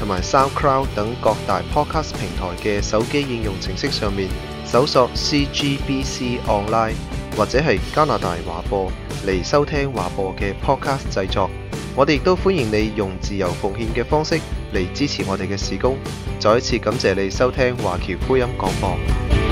同埋 SoundCloud 等各大 Podcast 平台嘅手機應用程式上面搜索 CGBC Online 或者係加拿大華播嚟收聽華播嘅 Podcast 製作。我哋亦都歡迎你用自由奉獻嘅方式嚟支持我哋嘅事工。再一次感謝你收聽華僑福音廣播。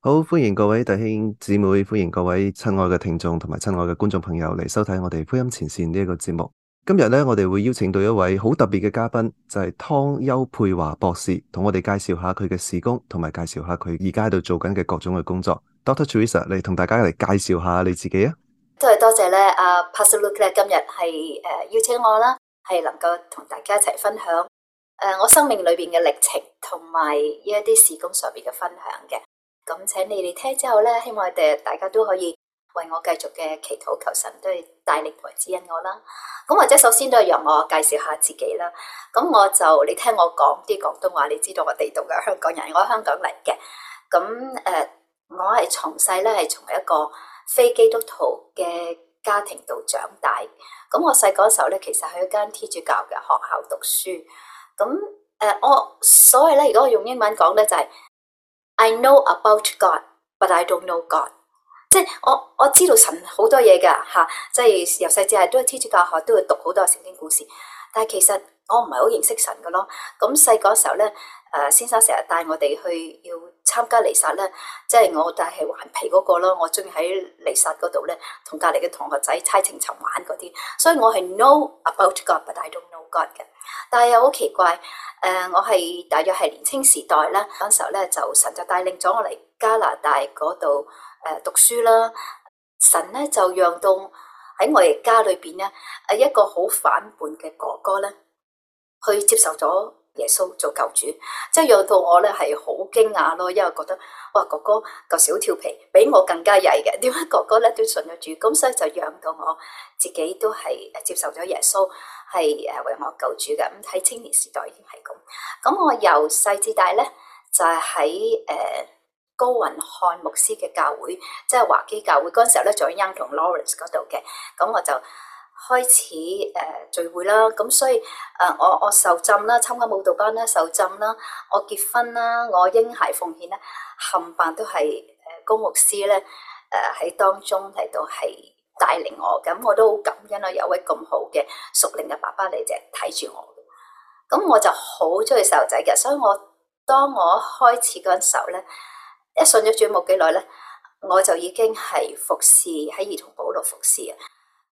好，歡迎各位弟兄姊妹，歡迎各位親愛嘅聽眾同埋親愛嘅觀眾朋友嚟收睇我哋福音前線呢一、這個節目。今日咧，我哋會邀請到一位好特別嘅嘉賓，就係、是、湯邱佩華博士，同我哋介紹一下佢嘅事工，同埋介紹一下佢而家喺度做緊嘅各種嘅工作。Dr. Teresa，嚟同大家嚟介紹一下你自己啊！都係多謝呢阿 Pastor Luke 今日係邀請我啦，係能夠同大家一齊分享我生命裏面嘅歷程，同埋呢一啲事工上面嘅分享嘅。咁請你哋聽之後咧，希望你哋大家都可以為我繼續嘅祈禱求神，都係大力扶持恩我啦。咁或者首先都係讓我介紹下自己啦。咁我就你聽我講啲廣東話，你知道我地道嘅香港人，我喺香港嚟嘅。咁誒、呃，我係從細咧係從一個非基督徒嘅家庭度長大。咁我細個時候咧，其實喺一間天主教嘅學校讀書。咁誒、呃，我所以咧，如果我用英文講咧，就係、是。I know about God, but I don't know God 即，即係我我知道神好多嘢噶吓，即係由細至大都係天主教學，都會讀好多聖經故事。但係其實我唔係好認識神噶咯。咁細個時候咧。誒、呃、先生成日帶我哋去要參加彌撒咧，即係我但係頑皮嗰、那個咯，我中意喺彌撒嗰度咧，同隔籬嘅同學仔猜情尋玩嗰啲。所以我係 know about God，but I don't know God 嘅。但係又好奇怪，誒、呃、我係大約係年青時代咧，嗰陣時候咧就神就帶領咗我嚟加拿大嗰度誒讀書啦。神咧就讓到喺我哋家裏邊咧，誒一個好反叛嘅哥哥咧，去接受咗。耶穌做救主，即係養到我咧，係好驚訝咯，因為覺得哇，哥哥個小調皮，比我更加曳嘅。點解哥哥咧都信咗主？咁所以就養到我自己都係接受咗耶穌，係誒為我救主嘅。咁喺青年時代已經係咁。咁我由細至大咧，就係喺誒高雲漢牧師嘅教會，即係華基教會嗰陣時候咧，仲喺茵同 Lawrence 嗰度嘅。咁我就。開始誒聚會啦，咁所以誒我我受浸啦，參加舞蹈班啦，受浸啦，我結婚啦，我嬰孩奉獻啦，冚棒都係誒公牧師咧誒喺當中嚟到係帶領我，咁我都好感恩啦，有位咁好嘅屬靈嘅爸爸嚟就睇住我，咁我就好中意細路仔嘅，所以我當我開始嗰陣時候咧，一信咗主冇幾耐咧，我就已經係服侍，喺兒童部度服侍。啊。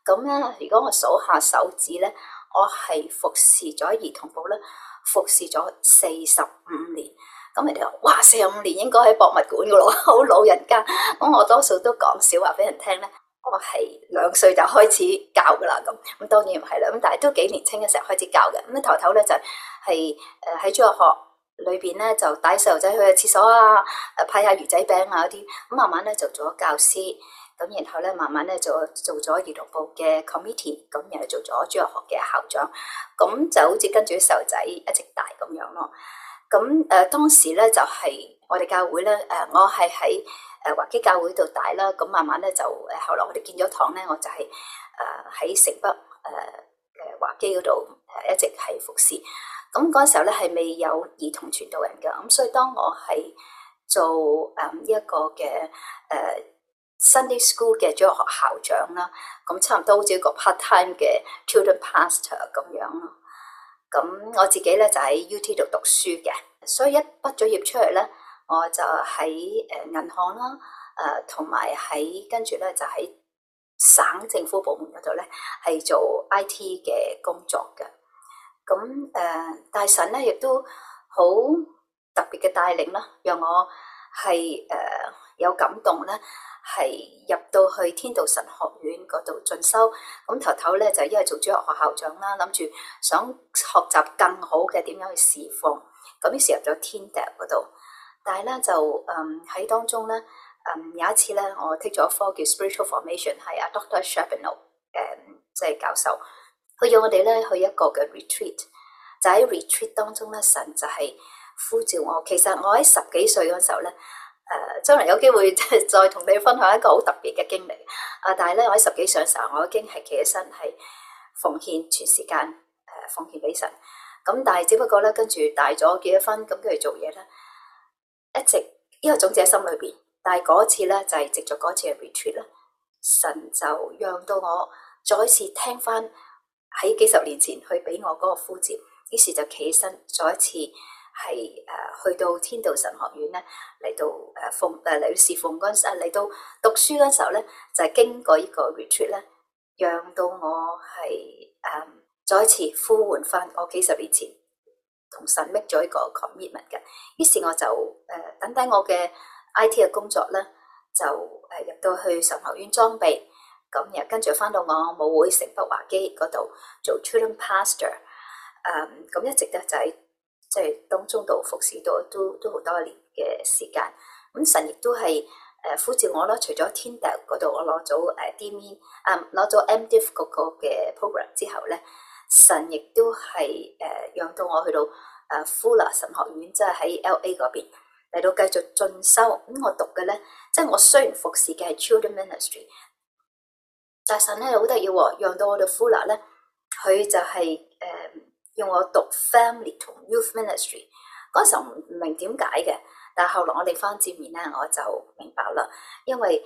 咁咧，如果我數下手指咧，我係服侍咗兒童部咧，服侍咗四十五年。咁人哋話，哇，四十五年應該喺博物館噶咯，好老人家。咁我多數都講笑話俾人聽咧。我係兩歲就開始教噶啦，咁咁當然唔係啦。咁但係都幾年輕嘅時候開始教嘅。咁頭頭咧就係誒喺中學學裏邊咧，就帶細路仔去廁所啊，誒派下魚仔餅啊嗰啲。咁慢慢咧就做咗教師。咁然後咧，慢慢咧做做咗兒童部嘅 committee，咁然後做咗主日學嘅校長，咁就好似跟住啲細路仔一直大咁樣咯。咁誒、呃、當時咧就係、是、我哋教會咧誒、呃，我係喺誒華基教會度大啦。咁慢慢咧就誒，後來我哋建咗堂咧，我就係誒喺城北誒誒華基嗰度誒一直係服侍。咁嗰時候咧係未有兒童傳道人嘅，咁所以當我係做誒呢、呃、一個嘅誒。呃 Sunday School 嘅中學校長啦，咁差唔多好似一個 part time 嘅 children pastor 咁樣咯。咁我自己咧就喺 UT 度讀書嘅，所以一畢咗業出嚟咧，我就喺誒銀行啦，誒同埋喺跟住咧就喺省政府部門嗰度咧係做 IT 嘅工作嘅。咁誒、呃、大神咧亦都好特別嘅帶領啦，讓我係誒、呃、有感動咧。係入到去天道神學院嗰度進修，咁頭頭咧就因為做主學校長啦，諗住想學習更好嘅點樣去示範，咁於是入咗天笛嗰度。但係咧就嗯喺當中咧，嗯有一次咧，我剔咗科叫 spiritual formation，係阿、啊、Doctor Schravino 誒、嗯、即係、就是、教授，佢要我哋咧去一個嘅 retreat，就喺 retreat 當中咧神就係呼召我。其實我喺十幾歲嗰時候咧。誒，將、呃、來有機會 再同你分享一個好特別嘅經歷。啊，但係咧，我喺十幾歲嘅時候，我已經係企起身，係奉獻全時間，誒、呃，奉獻俾神。咁、嗯、但係只不過咧，跟住大咗結咗婚，跟住做嘢咧，一直呢個種子喺心裏邊。但係嗰次咧，就係直在嗰次嘅 retreat 啦，神就讓到我再一次聽翻喺幾十年前去俾我嗰個呼召，於是就企起身再一次，係誒、呃、去到天道神學院咧，嚟到誒奉誒嚟到侍奉嗰陣時，嚟、啊、到讀書嗰陣時候咧，就係經過個呢個 retreat 咧，讓到我係誒、呃、再次呼喚翻我幾十年前同神 make 咗一個 commitment 嘅。於是我就誒、呃、等等我嘅 IT 嘅工作咧，就誒、呃、入到去神學院裝備，咁、嗯、又跟住翻到我母會城北華基嗰度做 children pastor，誒、嗯、咁、嗯、一直咧就係、是。即係當中度服侍到都都好多年嘅時間，咁、嗯、神亦都係誒、呃、呼召我咯。除咗 t i n Tyndale 嗰度，我攞、uh，咗誒 d m i 啊，攞咗 MDiv 嗰個嘅 program 之後咧，神亦都係誒讓到我去到誒、uh, Fuller 神學院，即係喺 LA 嗰邊嚟到繼續進修。咁、嗯、我讀嘅咧，即係我雖然服侍嘅係 Children Ministry，但神咧好得意喎，讓、哦、到我到 Fuller 咧，佢就係、是、誒。呃用我讀 family 同 youth ministry 嗰時候唔明點解嘅，但係後來我哋翻接面咧，我就明白啦。因為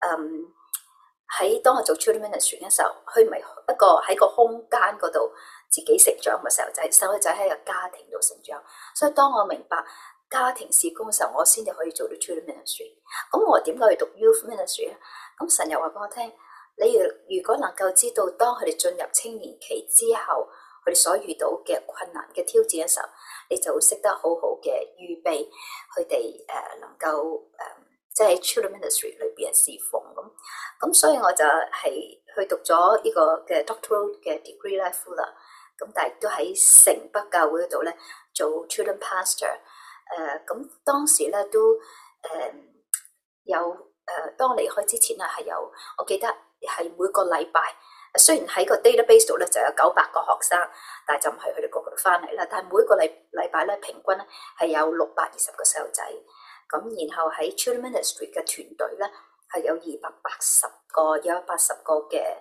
嗯喺當我做 children ministry 嘅時候，佢唔係一個喺個空間嗰度自己成長嘅時候，就係細路仔喺個家庭度成長。所以當我明白家庭事工嘅時候，我先至可以做到 children ministry。咁我點解要讀 youth ministry 咧？咁神又話俾我聽：你如如果能夠知道當佢哋進入青年期之後，佢哋所遇到嘅困難嘅挑戰嘅時候，你就會識得好好嘅預備，佢哋誒能夠誒、呃呃，即係 children ministry 裏邊侍奉咁。咁所以我就係去讀咗呢個嘅 doctoral 嘅 degree 咧，Fuller 啦。咁但係都喺城北教會嗰度咧做 children pastor、呃。誒咁當時咧都誒、呃、有誒、呃，當我離開之前啊係有，我記得係每個禮拜。雖然喺個 database 度咧就有九百個學生，但係就唔係佢哋個個翻嚟啦。但係每個禮禮拜咧平均係有六百二十個細路仔。咁然後喺 Children Ministry 嘅團隊咧係有二百八十個，有八十個嘅誒、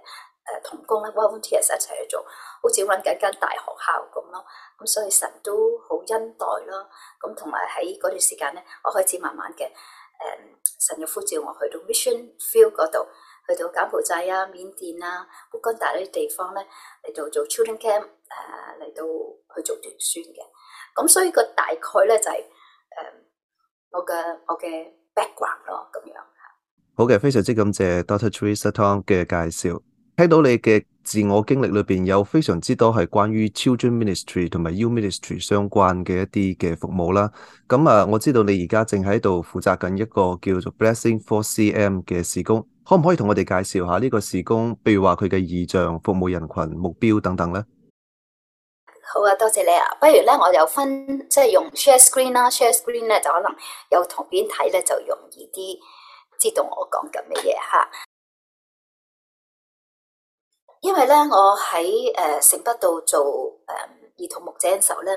呃、童工咧 volunteers、mm hmm. 一齊去做，好似揾緊間大學校咁咯。咁所以神都好恩待啦。咁同埋喺嗰段時間咧，我開始慢慢嘅誒、嗯、神嘅呼召我去到 Mission Field 嗰度。去到柬埔寨啊、緬甸啊、布吉達啲地方咧，嚟到做 children camp，誒嚟到去做讀書嘅。咁所以個大概咧就係誒我嘅我嘅 background 咯，咁樣嚇。好嘅，非常之感謝 Dr. Teresa Tong 嘅介紹。睇到你嘅自我經歷裏邊有非常之多係關於 Children Ministry 同埋 U Ministry 相關嘅一啲嘅服務啦，咁啊，我知道你而家正喺度負責緊一個叫做 Blessing4CM 嘅事工，可唔可以同我哋介紹下呢個事工？譬如話佢嘅意象、服務人群、目標等等咧？好啊，多謝你啊！不如咧，我有分即係用 Share Screen 啦，Share Screen 咧就可能有圖片睇咧就容易啲知道我講緊乜嘢吓。因為咧，我喺誒城北度做誒兒童牧者嘅時候咧，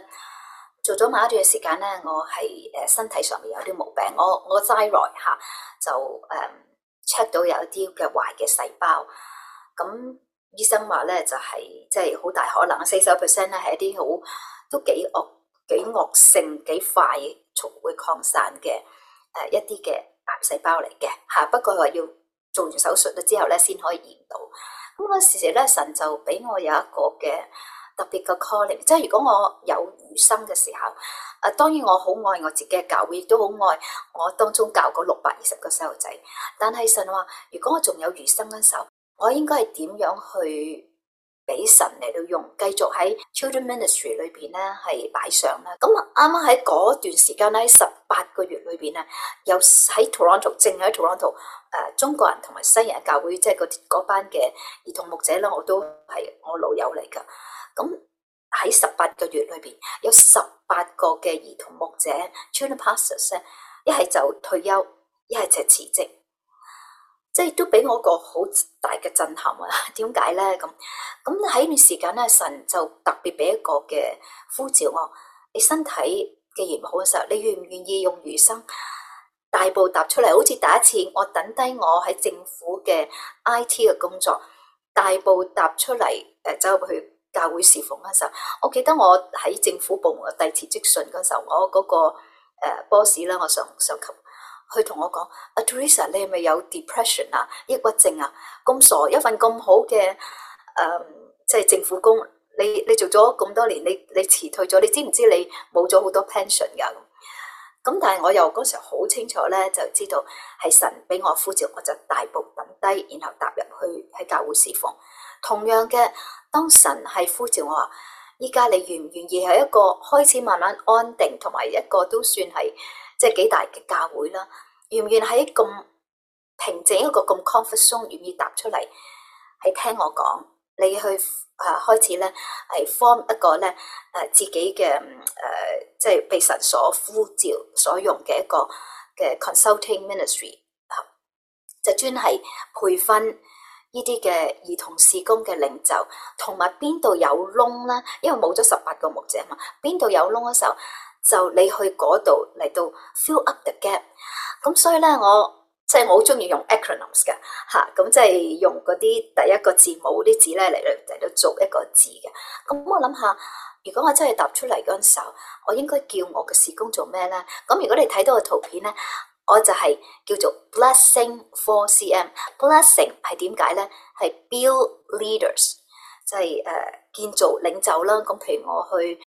做咗某一段嘅時間咧，我係誒身體上面有啲毛病，我我篩內吓就誒 check、嗯、到有一啲嘅壞嘅細胞。咁醫生話咧就係即係好大可能，四十 percent 咧係一啲好都幾惡幾惡性幾快速會擴散嘅誒一啲嘅癌細胞嚟嘅吓。不過話要做完手術咗之後咧，先可以驗到。咁嗰時陣呢，神就俾我有一個嘅特別嘅 calling，即係如果我有餘生嘅時候，誒、啊，當然我好愛我自己的教會，亦都好愛我當中教過六百二十個細路仔，但係神話，如果我仲有餘生嘅時候，我應該係點樣去？俾神嚟到用，繼續喺 Children Ministry 裏邊咧係擺上啦。咁啊，啱啱喺嗰段時間咧，十八個月裏邊啊，有喺 Toronto 正喺 Toronto 誒，中國人同埋西人教會即係嗰班嘅兒童牧者咧，我都係我老友嚟噶。咁喺十八個月裏邊，有十八個嘅兒童牧者 transition，一係就退休，一係就辭職。即係都俾我個好大嘅震撼啊！點解咧？咁咁喺呢段時間咧，神就特別俾一個嘅呼召我。你身體既然唔好嘅時候，你願唔願意用餘生大步踏出嚟？好似第一次我等低我喺政府嘅 IT 嘅工作，大步踏出嚟誒，走入去教會侍奉嘅時候，我記得我喺政府部門嘅遞辭職信嗰時候，我嗰個誒 boss 咧，我上上級。佢同我講：阿 Teresa，你係咪有 depression 啊？抑鬱症啊？咁傻！一份咁好嘅，誒，即係政府工，你你做咗咁多年，你你辭退咗，你知唔知你冇咗好多 pension 噶？咁但係我又嗰時好清楚咧，就知道係神俾我呼召，我就大步揼低，然後踏入去喺教會侍奉。同樣嘅，當神係呼召我話：依家你願唔願意係一個開始慢慢安定，同埋一個都算係。即係幾大嘅教會啦，願唔願喺咁平靜一個咁 comfort zone 願，願意踏出嚟，係聽我講，你去啊、呃、開始咧係 form 一個咧誒、呃、自己嘅誒、呃，即係被神所呼召所用嘅一個嘅 consulting ministry 就專係培訓呢啲嘅兒童事工嘅領袖，同埋邊度有窿咧？因為冇咗十八個牧者啊嘛，邊度有窿嘅時候？就你去嗰度嚟到 fill up the gap，咁所以咧我即係、就是、我好中意用 acronyms 嘅，吓咁即係用嗰啲第一個字母啲字咧嚟嚟嚟到做一個字嘅。咁我諗下，如果我真係答出嚟嗰陣時候，我應該叫我嘅事工做咩咧？咁如果你睇到個圖片咧，我就係叫做 Blessing4CM。Blessing 係點解咧？係 build leaders，即係誒建造領袖啦。咁譬如我去。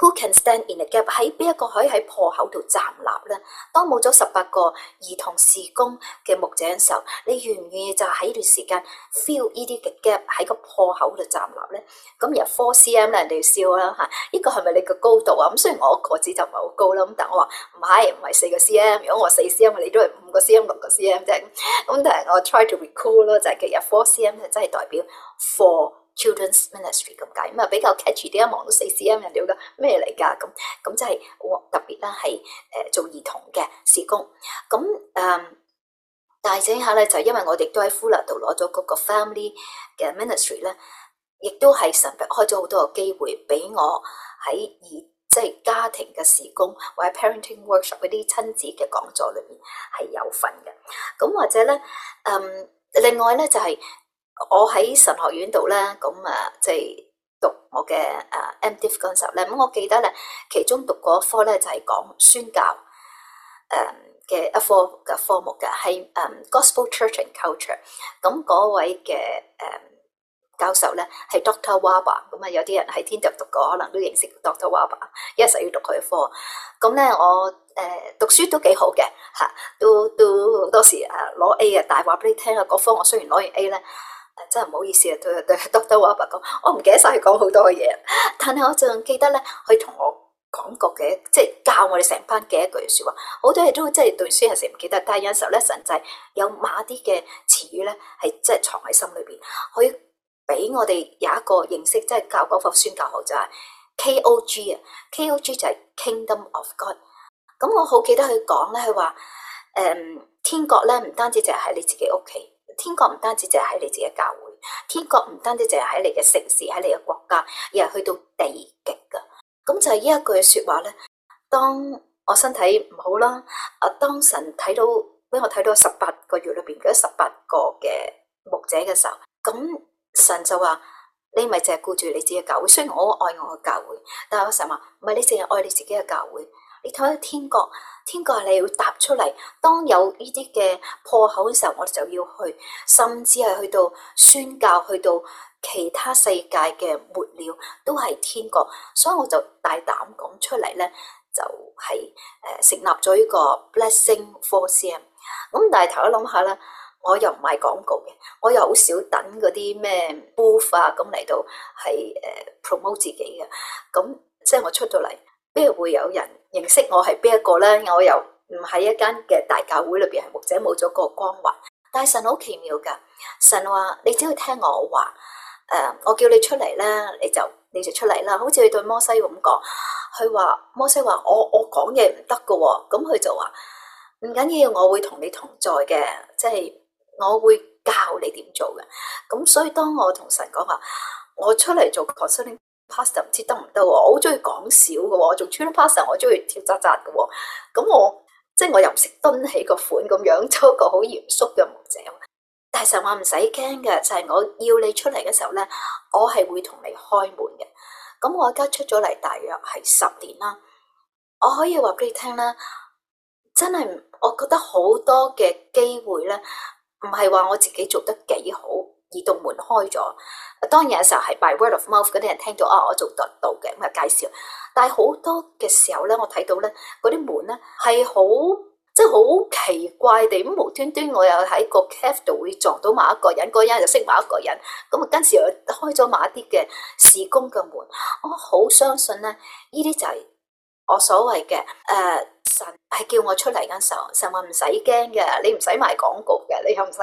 Who can stand in the gap？喺邊一個可以喺破口度站立咧？當冇咗十八個兒童事工嘅牧者嘅時候，你願唔願意就喺呢段時間 feel 呢啲嘅 gap 喺個破口度站立咧？咁入 four cm 咧，人哋笑啦嚇，呢個係咪你個高度啊？咁雖然我個子就唔係好高啦，咁但係我話唔係唔係四個 cm，如果我四 cm，你都係五個 cm 六個 cm 啫。咁但係我 try to recall、cool，咯，就係其實 four cm 佢真係代表 four。Children's Ministry 咁解，咁啊比較 catchy 啲一望到 4CM 啊！人哋話：咩嚟㗎？咁咁即係特別啦，係誒做兒童嘅時工。咁誒大整下咧，就因為我哋都喺 Fuller 度攞咗嗰個 family 嘅 ministry 咧，亦都係神秘開咗好多個機會俾我喺以即係家庭嘅時工，或者 parenting workshop 嗰啲親子嘅講座裏邊係有份嘅。咁或者咧，誒另外咧就係。我喺神學院度咧，咁啊，即係讀我嘅誒 M.Div 嗰陣時候咧，咁我記得咧，其中讀過一科咧，就係講宣教誒嘅一科嘅科目嘅，係誒 Gospel Church and Culture。咁嗰位嘅誒教授咧，係 Doctor Waba 咁啊有啲人喺天道讀過，可能都認識 Doctor Waba 一成日要讀佢嘅科。咁咧我誒讀書都幾好嘅嚇，都都好多時誒攞 A 嘅。但係話俾你聽啊，嗰科我雖然攞完 A 咧。真係唔好意思啊，對對 Doctor，我阿爸講，我唔記得晒佢講好多嘢，但係我仲記得咧，佢同我講過嘅，即係教我哋成班嘅一句説話，好多嘢都即係讀書人成唔記得，但係有陣時候咧，神就係有馬啲嘅詞語咧，係真係藏喺心裏邊。佢俾我哋有一個認識，即係教嗰課宣教學就係、是、KOG 啊，KOG 就係 Kingdom of God。咁我好記得佢講咧，佢話誒天國咧唔單止淨係喺你自己屋企。天國唔單止淨係喺你自己嘅教會，天國唔單止淨係喺你嘅城市、喺你嘅國家，而係去到地極噶咁就係呢一句說話咧。當我身體唔好啦，啊，當神睇到俾我睇到十八個月裏邊嗰十八個嘅牧者嘅時候，咁神就話：你咪淨係顧住你自己嘅教會。雖然我愛我嘅教會，但係我成日話唔係你淨係愛你自己嘅教會，你睇下天國。天國你要踏出嚟，當有呢啲嘅破口嘅時候，我哋就要去，甚至係去到宣教，去到其他世界嘅末了都係天國。所以我就大膽講出嚟呢，就係、誒、成立咗一個 Blessing4CM。咁但係頭一諗下咧，我又唔賣廣告嘅，我又好少等嗰啲咩 booth 啊咁嚟到係 promote 自己嘅。咁即係我出到嚟。會有人認識我係邊一個咧？我又唔喺一間嘅大教會裏邊，係或者冇咗個光環。但係神好奇妙噶，神話你只要聽我話，誒、呃，我叫你出嚟咧，你就你就出嚟啦。好似佢對摩西咁講，佢話摩西話，摩西話我我講嘢唔得噶，咁佢就話唔緊要，我會同你同在嘅，即係我會教你點做嘅。咁所以當我同神講話，我出嚟做抗 pass 就唔知得唔得喎，我好中意講少嘅喎，做 Twin Pastor 時候我中意、er，跳扎扎嘅喎，咁我即係我又唔識蹲起個款咁樣做一個好嚴肅嘅牧者。大神話唔使驚嘅，就係、是、我要你出嚟嘅時候咧，我係會同你開門嘅。咁我而家出咗嚟大約係十年啦，我可以話俾你聽啦，真係我覺得好多嘅機會咧，唔係話我自己做得幾好。移動門開咗，當然有時候係 by word of mouth，嗰啲人聽到啊，我做得到嘅咁嘅介紹，但係好多嘅時候咧，我睇到咧嗰啲門咧係好即係好奇怪地咁無端端，我又喺個 cafe 度會撞到某一個人，嗰人又識某一個人，咁跟住又開咗某啲嘅事工嘅門，我好相信咧，呢啲就係我所謂嘅誒神係叫我出嚟嘅時候，神話唔使驚嘅，你唔使賣廣告嘅，你又唔使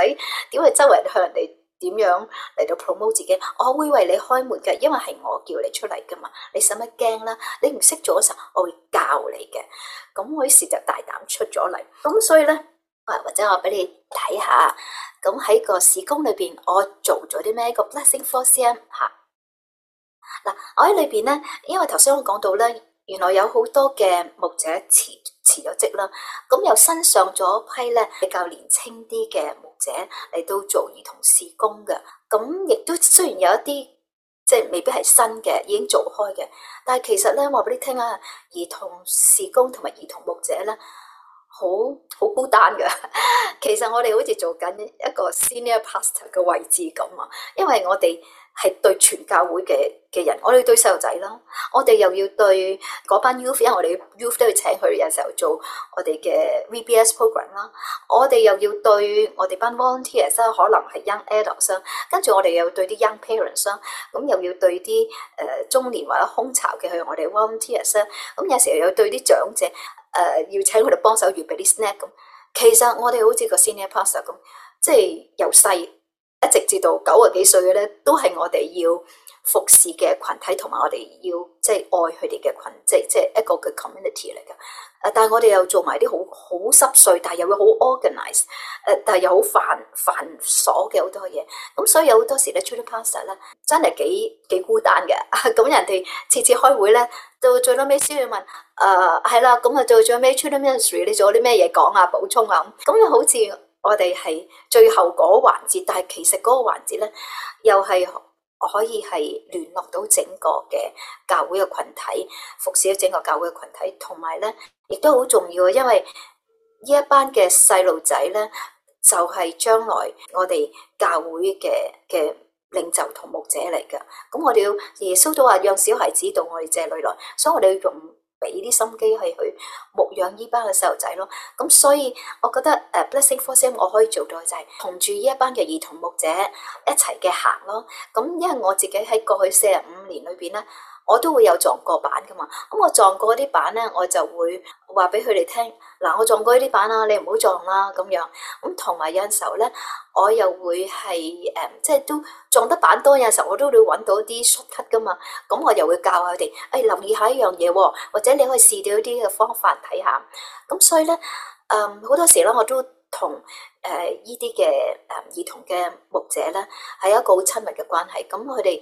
點去周圍向人哋。點樣嚟到 promote 自己？我會為你開門嘅，因為係我叫你出嚟噶嘛。你使乜驚咧？你唔識做時候，我會教你嘅。咁我於是就大膽出咗嚟。咁所以咧，或者我俾你睇下。咁喺個事工裏邊，我做咗啲咩？個 Blessing4CM 吓。嗱，我喺裏邊咧，因為頭先我講到咧，原來有好多嘅牧者詞。辭咗職啦，咁又新上咗一批咧，比較年輕啲嘅牧者嚟到做兒童事工嘅，咁亦都雖然有一啲即係未必係新嘅，已經做開嘅，但係其實咧我話俾你聽啊，兒童事工同埋兒童牧者咧，好好孤單噶，其實我哋好似做緊一個 senior pastor 嘅位置咁啊，因為我哋。係對全教會嘅嘅人，我哋對細路仔啦，我哋又要對嗰班 youth，因為我哋 youth 都要請佢哋有時候做我哋嘅 VBS program 啦。我哋又要對我哋班 volunteers 啦，可能係 young adults 啦。跟住我哋又，又要對啲 young parents 啦，咁又要對啲誒中年或者空巢嘅去我哋 volunteers 啦。咁有時候又要對啲長者，誒、呃、要請佢哋幫手預備啲 snack 咁。其實我哋好似個 senior pastor 咁，即係由細。直至到九啊幾歲嘅咧，都係我哋要服侍嘅群體，同埋我哋要即係愛佢哋嘅群體，即係即係一個嘅 community 嚟嘅。誒，但係我哋又做埋啲好好濕碎，但係又會好 organize 誒，但係又好繁繁瑣嘅好多嘢。咁所以有好多時咧，two the pastor 咧，真係幾幾孤單嘅。咁人哋次次開會咧，到最屘尾先要問，誒、呃、係啦，咁啊到最屘 two the ministry，你做啲咩嘢講啊，補充啊，咁又好似。我哋係最後嗰環節，但係其實嗰個環節咧，又係可以係聯絡到整個嘅教會嘅群體，服侍咗整個教會嘅群體，同埋咧，亦都好重要，因為呢一班嘅細路仔咧，就係、是、將來我哋教會嘅嘅領袖同牧者嚟嘅。咁我哋要耶穌都話，讓小孩子到我哋這裏來，所以我哋要用。呢啲心機去去牧養呢班嘅細路仔咯。咁所以我覺得誒，Blessing4CM 我可以做到就係同住呢一班嘅兒童牧者一齊嘅行咯，咁因為我自己喺過去四十五年裏邊咧。我都會有撞過板噶嘛，咁我撞過啲板咧，我就會話俾佢哋聽嗱，我撞過呢啲板啦，你唔好撞啦咁樣咁。同埋有陣時候咧，我又會係誒、呃，即係都撞得板多，有陣時候我都會揾到一啲 short cut 噶嘛。咁我又會教下佢哋，誒、哎、留意下一樣嘢、哦，或者你可以試到一啲嘅方法睇下。咁所以咧，嗯、呃，好多時咧，我都同誒呢啲嘅誒兒童嘅牧者咧係一個好親密嘅關係。咁佢哋誒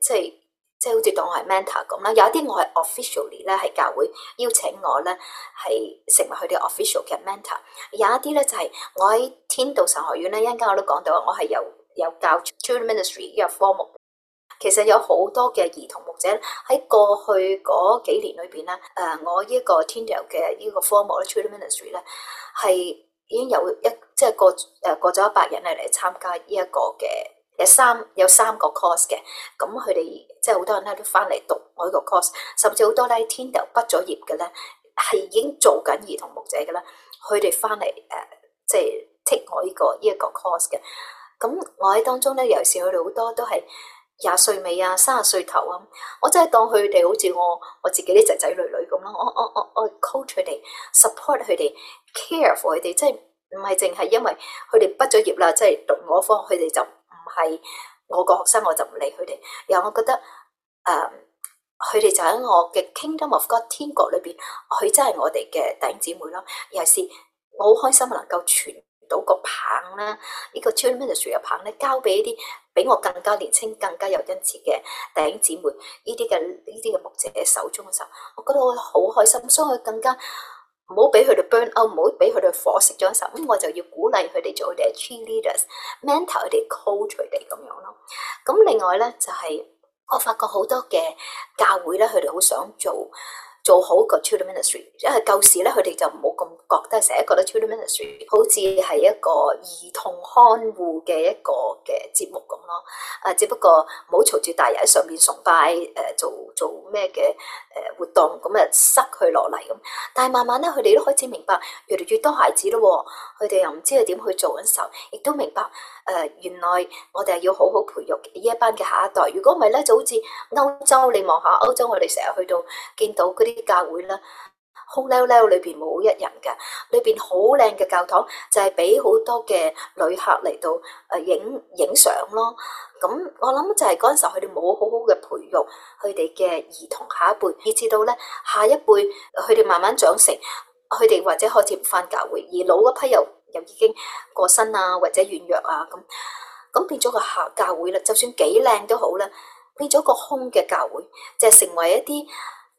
即係。即係好似當我係 mentor 咁啦，有一啲我係 officially 咧係教會邀請我咧係成為佢哋 official 嘅 mentor，有一啲咧就係、是、我喺天道神學院咧，一陣間我都講到，我係有有教 training ministry 呢個科目。其實有好多嘅兒童牧者喺過去嗰幾年裏邊咧，誒，我呢一個天道嘅呢個科目咧、這個、training ministry 咧係已經有一即係、就是、過誒過咗一百人嚟嚟參加呢一個嘅。有三有三個 course 嘅，咁佢哋即係好多人咧都翻嚟讀我呢個 course，甚至好多咧天都畢咗業嘅咧，係已經做緊兒童牧者嘅啦。佢哋翻嚟誒，即係 take 我呢個呢一個 course 嘅。咁我喺當中咧，有時佢哋好多都係廿歲尾啊，三十歲頭啊，我真係當佢哋好似我我自己啲仔仔女女咁咯。我我我我 coach 佢哋，support 佢哋，care for 佢哋，即係唔係淨係因為佢哋畢咗業啦，即係讀我方，佢哋就，係我個學生，我就唔理佢哋。然後我覺得，誒、呃，佢哋就喺我嘅 Kingdom of God 天國裏邊，佢真係我哋嘅弟兄姊妹咯。又係，我好開心能夠傳到個棒啦，這個、棒呢個 Children Ministry 嘅棒咧，交俾一啲比我更加年青、更加有恩賜嘅弟兄姊妹呢啲嘅呢啲嘅牧者手中嘅時候，我覺得我好開心，所以我更加。唔好俾佢哋 burn out，唔好俾佢哋火熄咗一陣，咁我就要鼓勵佢哋做啲 achievers，mentor 佢哋，coach 佢哋咁樣咯。咁另外咧就係、是、我發覺好多嘅教會咧，佢哋好想做做好個 children ministry，因為舊時咧佢哋就唔好咁覺得，成日覺得 children ministry 好似係一個兒童看護嘅一個嘅節目咁咯。啊，只不過唔好嘈住大人喺上面崇拜誒、呃、做。做咩嘅誒活動咁啊，樣塞佢落嚟咁，但係慢慢咧，佢哋都開始明白，越嚟越多孩子咯，佢哋又唔知佢點去做嗰時候，亦都明白誒、呃，原來我哋係要好好培育呢一班嘅下一代。如果唔係咧，就好似歐洲，你望下歐洲，我哋成日去到見到嗰啲教會啦。空溜溜裏邊冇一人嘅，裏邊好靚嘅教堂，就係俾好多嘅旅客嚟到誒影影相咯。咁我諗就係嗰陣時，佢哋冇好好嘅培育佢哋嘅兒童下一輩，以至到咧下一輩佢哋慢慢長成，佢哋或者開始唔返教會，而老一批又又已經過身啊，或者軟弱啊咁，咁變咗個客教會啦。就算幾靚都好啦，變咗個空嘅教會，就係成為一啲，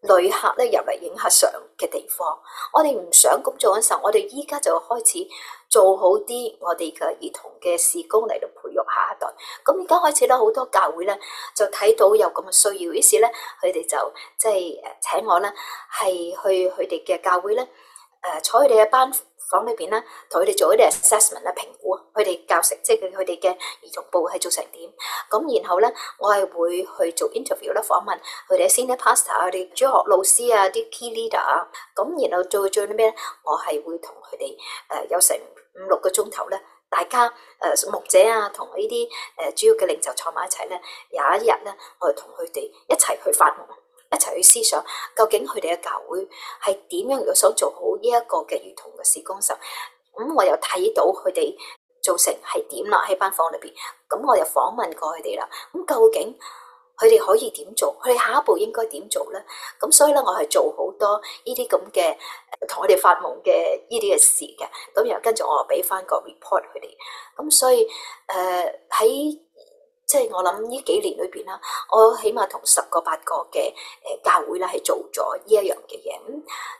旅客咧入嚟影下相嘅地方，我哋唔想咁做嘅時候，我哋依家就開始做好啲我哋嘅兒童嘅事工嚟到培育下一代。咁而家開始咧，好多教會咧就睇到有咁嘅需要，於是咧佢哋就即係、就是、請我咧係去佢哋嘅教會咧誒、呃、坐佢哋嘅班。房裏邊呢，同佢哋做一啲 assessment 咧，評估，佢哋教識即係佢哋嘅兒童部係做成點。咁然後呢，我係會去做 interview 啦，訪問佢哋嘅 s e n i o r pastor 佢哋嘅主學老師啊，啲 key leader 啊。咁然後再再啲咩咧？我係會同佢哋誒有成五六個鐘頭咧，大家誒牧者啊，同呢啲誒主要嘅領袖坐埋一齊咧，有一日咧，我係同佢哋一齊去發佈。一齊去思想，究竟佢哋嘅教會係點樣？如果想做好呢一個嘅兒童嘅事工時，咁我又睇到佢哋做成係點啦，喺班房裏邊，咁我又訪問過佢哋啦。咁究竟佢哋可以點做？佢哋下一步應該點做咧？咁所以咧，我係做好多呢啲咁嘅同佢哋發夢嘅呢啲嘅事嘅。咁然後跟住我又俾翻個 report 佢哋。咁所以誒喺。呃即係我諗呢幾年裏邊啦，我起碼同十個八個嘅誒教會啦係做咗呢一樣嘅嘢，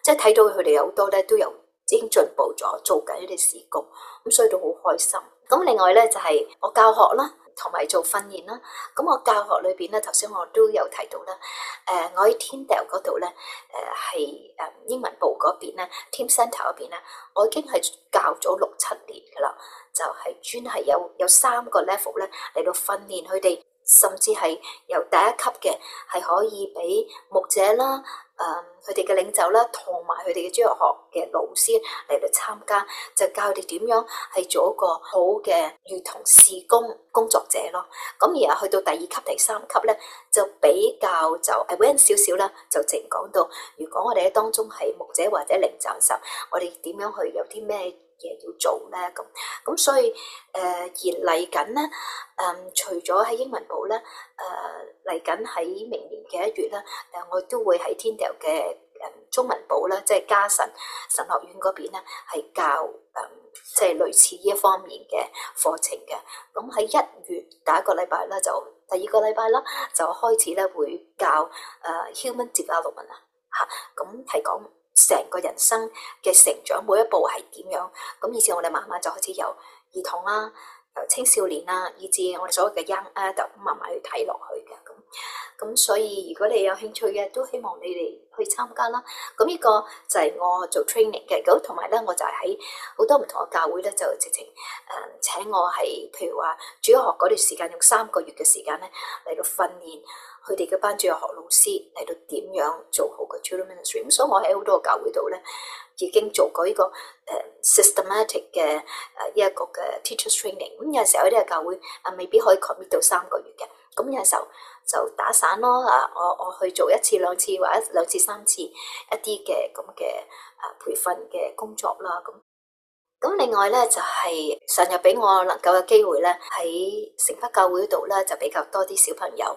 即係睇到佢哋好多咧都有已經進步咗，做緊啲啲事工，咁所以都好開心。咁另外咧就係我教學啦。同埋做訓練啦，咁我教學裏邊咧，頭先我都有提到啦。誒、呃，我喺 Tyndale 嗰度咧，誒係誒英文部嗰邊咧，Team Center 嗰邊咧，我已經係教咗六七年噶啦，就係、是、專係有有三個 level 咧嚟到訓練佢哋。甚至係由第一級嘅係可以俾牧者啦，誒佢哋嘅領袖啦，同埋佢哋嘅專業學嘅老師嚟嚟參加，就教佢哋點樣係做一個好嘅兒童事工工作者咯。咁而係去到第二級、第三級呢，就比較就 e v 少少啦，就直接講到如果我哋喺當中係牧者或者領袖時候，我哋點樣去有啲咩？嘢要做咧，咁咁所以誒、呃、而嚟緊咧，誒、嗯、除咗喺英文部咧，誒嚟緊喺明年嘅一月咧，誒我都會喺 Tyndale 嘅誒中文部咧，即係加神神學院嗰邊咧，係教誒即係類似呢一方面嘅課程嘅。咁喺一月第一個禮拜咧，就第二個禮拜啦，就開始咧會教誒、呃、Human Development 嚇，咁係講。成個人生嘅成長每一步係點樣？咁以前我哋慢慢就開始由兒童啦、啊，由青少年啦、啊，以至我哋所謂嘅 young adult，慢慢去睇落去嘅咁。咁所以如果你有興趣嘅，都希望你哋去參加啦。咁呢個就係我做 training 嘅。咁同埋咧，我就係喺好多唔同嘅教會咧，就直情誒、呃、請我係，譬如話主學嗰段時間用三個月嘅時間咧嚟到訓練。佢哋嘅班主任學老師嚟到點樣做好個 training 咁，所以我喺好多個教會度咧已經做過呢個誒 systematic 嘅誒呢一個嘅 teacher training。咁有時候呢啲教會啊，未必可以 commit 到三個月嘅，咁有時候就打散咯啊。我我去做一次兩次，或者兩次三次一啲嘅咁嘅啊培訓嘅工作啦。咁咁另外咧就係成日俾我能夠嘅機會咧，喺城北教會度咧就比較多啲小朋友。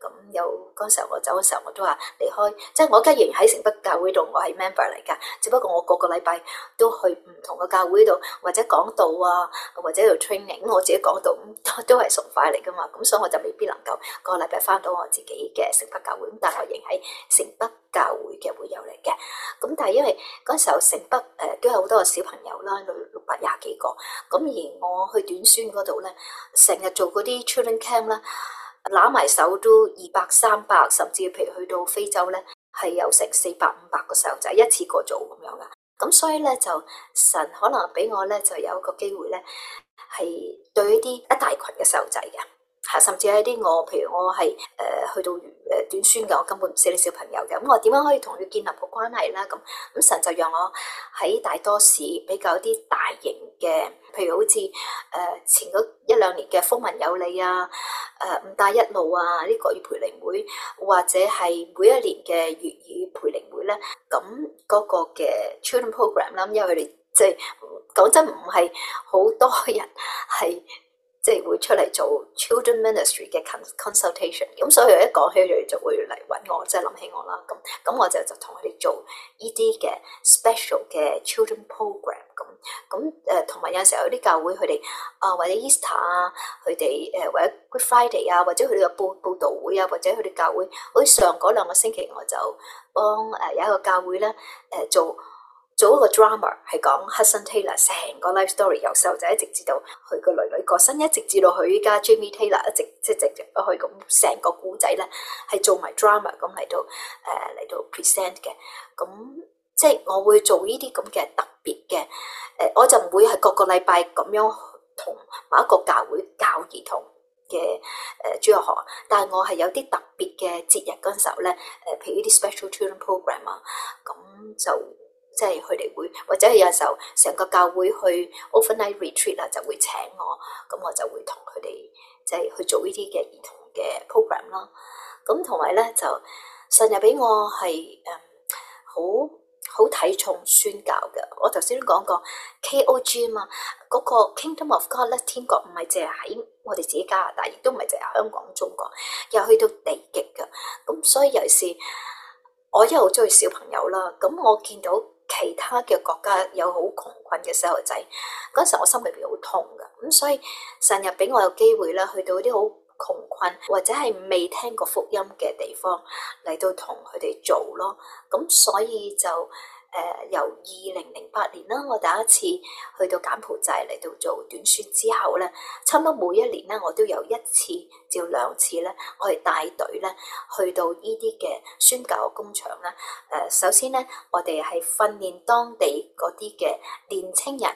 咁有嗰時候我走嘅時候，我都話離開，即係我而家仍然喺城北教會度，我係 member 嚟噶。只不過我個個禮拜都去唔同嘅教會度，或者講道啊，或者喺度 training。我自己講道都都係熟客嚟噶嘛。咁所以我就未必能夠個禮拜翻到我自己嘅城北教會。咁但係我仍喺城北教會嘅會友嚟嘅。咁但係因為嗰時候城北誒、呃、都有好多個小朋友啦，六六百廿幾個。咁而我去短宣嗰度咧，成日做嗰啲 training camp 啦。攬埋手都二百三百，甚至譬如去到非洲呢，係有成四百五百個細路仔一次過做咁樣噶。咁所以呢，就神可能俾我呢，就有一個機會咧，係對啲一,一大群嘅細路仔嘅。甚至一啲我，譬如我係誒、呃、去到誒、呃、短宣嘅，我根本唔識你小朋友嘅，咁我點樣可以同佢建立個關係咧？咁咁神就讓我喺大多市比較啲大型嘅，譬如好似誒、呃、前嗰一兩年嘅風聞有你啊，誒、呃、五大一路啊，呢、這個培靈會，或者係每一年嘅粵語培靈會咧，咁嗰個嘅 training program，啦。因為即係講真唔係好多人係。即係會出嚟做 children ministry 嘅 consultation，咁所以一講起佢就會嚟搵我，即係諗起我啦。咁咁我就就同佢哋做呢啲嘅 special 嘅 children program。咁咁誒，同埋有，有時候啲教會佢哋啊，或者 Easter 啊，佢哋誒或者 Good Friday 啊，或者佢哋嘅佈佈道會啊，或者佢哋教會，好似上嗰兩個星期我就幫誒、呃、有一個教會咧誒、呃、做。做一個 drama 係講 Hudson Taylor 成個 life story，由細路仔一直至到佢個女女過身，一直至到佢依家 Jimmy Taylor 一直,直,直 rama,、呃嗯、即係一直去咁成個故仔咧係做埋 drama 咁嚟到誒嚟到 present 嘅。咁即係我會做呢啲咁嘅特別嘅誒，我就唔會係個個禮拜咁樣同某一個教會教兒童嘅誒、呃，主要學，但係我係有啲特別嘅節日嗰陣時候咧誒，譬、呃、如呢啲 special training program 啊，咁、嗯、就。即係佢哋會，或者係有時候成個教會去 open night retreat 啊，就會請我，咁我就會同佢哋即係去做 program，呢啲嘅兒童嘅 program 咯。咁同埋咧就神又俾我係誒、嗯、好好睇重宣教嘅。我頭先講過 K.O.G. 啊嘛，嗰、那個 Kingdom of God 咧，天國唔係淨係喺我哋自己加拿大，亦都唔係淨係香港中國，又去到地極嘅。咁所以尤其是我因為好中意小朋友啦，咁我見到。其他嘅國家有好窮困嘅細路仔，嗰陣時我心裏邊好痛㗎，咁所以成日俾我有機會啦，去到啲好窮困或者係未聽過福音嘅地方嚟到同佢哋做咯，咁所以就。誒由二零零八年啦，我第一次去到柬埔寨嚟到做短宣之後咧，差唔多每一年咧，我都有一次至兩次咧，我係帶隊咧去到呢啲嘅宣教工場啦。誒、呃，首先咧，我哋係訓練當地嗰啲嘅年青人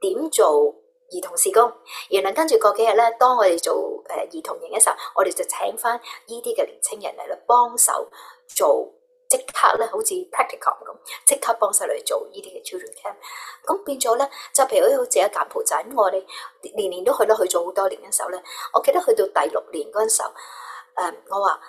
點做兒童事工，然後跟住過幾日咧，當我哋做誒兒童營嘅時候，我哋就請翻呢啲嘅年青人嚟到幫手做。即刻咧，好似 practical 咁，即刻幫手嚟做呢啲嘅 children camp。咁變咗咧，就譬如好似喺柬埔寨咁，我哋年年都去咯，去咗好多年嗰陣時候咧，我記得去到第六年嗰陣時候，誒、嗯，我話。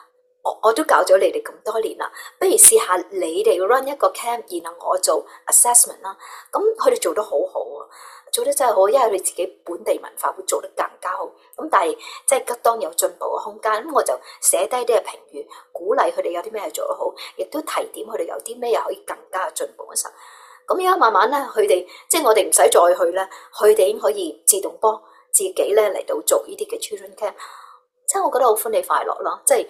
我我都教咗你哋咁多年啦，不如試下你哋 run 一個 camp，然後我做 assessment 啦。咁佢哋做得好好啊，做得真係好，因為佢哋自己本地文化會做得更加好。咁但係即係適當有進步嘅空間，咁我就寫低啲嘅評語，鼓勵佢哋有啲咩係做得好，亦都提點佢哋有啲咩可以更加進步嘅時候。咁而家慢慢咧，佢哋即係我哋唔使再去咧，佢哋已經可以自動幫自己咧嚟到做呢啲嘅 children camp。即係我覺得好歡喜快樂囉，即係。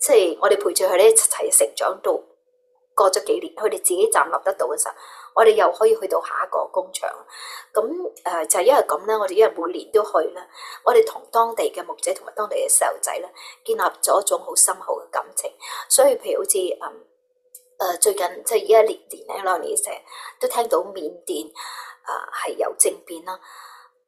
即係我哋陪住佢哋一齊成長到過咗幾年，佢哋自己站立得到嘅時候，我哋又可以去到下一個工場。咁誒、呃、就係因為咁咧，我哋因為每年都去啦，我哋同當地嘅牧者同埋當地嘅細路仔咧，建立咗一種好深厚嘅感情。所以譬如好似誒誒最近即係、就是、一年年零兩年成日都聽到緬甸啊係、呃、有政變啦。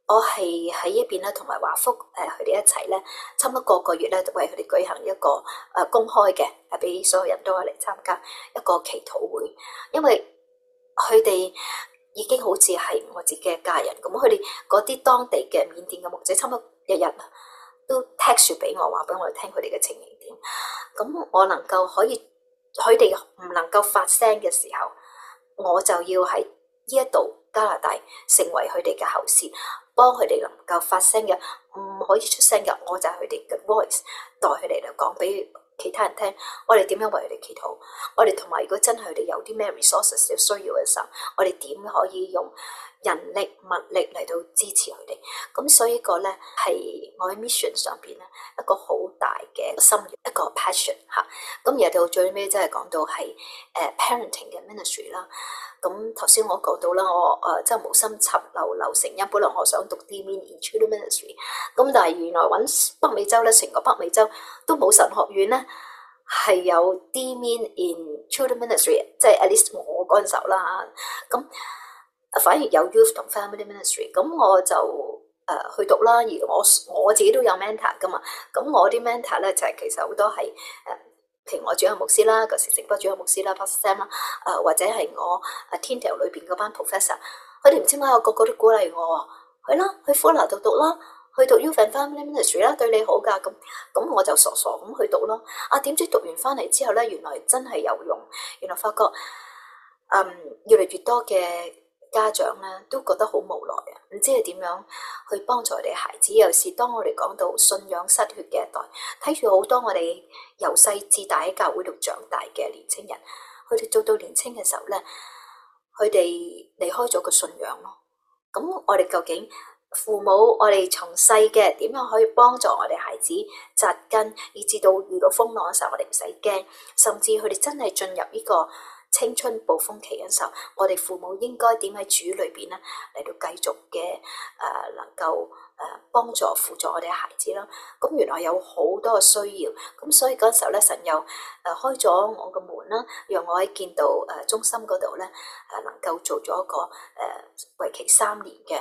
我係喺呢邊咧，同埋華福誒，佢哋一齊咧，差唔多個個月咧，為佢哋舉行一個誒公開嘅，誒俾所有人都嚟參加一個祈禱會。因為佢哋已經好似係我自己嘅家人，咁佢哋嗰啲當地嘅緬甸嘅牧者，差唔多日日都 text 俾我，話俾我哋聽佢哋嘅情形點。咁我能夠可以，佢哋唔能夠發聲嘅時候，我就要喺呢一度加拿大成為佢哋嘅喉舌。幫佢哋能夠發聲嘅，唔可以出聲嘅，我就係佢哋嘅 voice，代佢哋嚟講俾其他人聽，我哋點樣為佢哋祈禱，我哋同埋如果真係佢哋有啲咩 resources 需要嘅時候，我哋點可以用，人力物力嚟到支持佢哋，咁所以個咧係我喺 mission 上邊咧一個好大嘅心願，一個 passion 嚇。咁而、啊、到最尾真係講到係誒、uh, parenting 嘅 ministry 啦。咁頭先我講到啦，我誒即係無心插柳，柳成蔭。本來我想讀 D.Min. in children ministry，咁但係原來揾北美洲咧，成個北美洲都冇神學院咧係有 D.Min. in children ministry，即係 at least 我嗰陣時候啦，咁、啊。啊。反而有 youth 同 family ministry，咁我就誒、呃、去讀啦。而我我自己都有 mentor 噶嘛，咁我啲 mentor 咧，就係其實好多係誒、呃，譬如我主任牧師啦，個城城巴主任牧師啦，pastor 啦，誒、呃、或者係我誒 Tyndale 裏邊嗰班 professor，佢哋唔知點解個個都鼓勵我，啦去啦去 Fuller 度讀啦，去讀 youth and family ministry 啦，對你好噶，咁咁我就傻傻咁去讀咯。啊，點知讀完翻嚟之後咧，原來真係有用，原來發覺嗯越嚟越多嘅。家長咧都覺得好無奈啊，唔知係點樣去幫助我哋孩子。尤其是當我哋講到信仰失血嘅一代，睇住好多我哋由細至大喺教會度長大嘅年青人，佢哋做到年青嘅時候咧，佢哋離開咗個信仰咯。咁我哋究竟父母，我哋從細嘅點樣可以幫助我哋孩子紮根，以至到遇到風浪嘅時候，我哋唔使驚，甚至佢哋真係進入呢個青春暴風期嗰陣時候，我哋父母應該點喺主裏邊呢？嚟到繼續嘅誒，能夠誒幫助輔助我哋嘅孩子啦。咁、嗯、原來有好多嘅需要，咁、嗯、所以嗰陣時候咧，神又誒、呃、開咗我個門啦，讓我喺建道誒中心嗰度咧，誒能夠做咗一個誒、呃，為期三年嘅。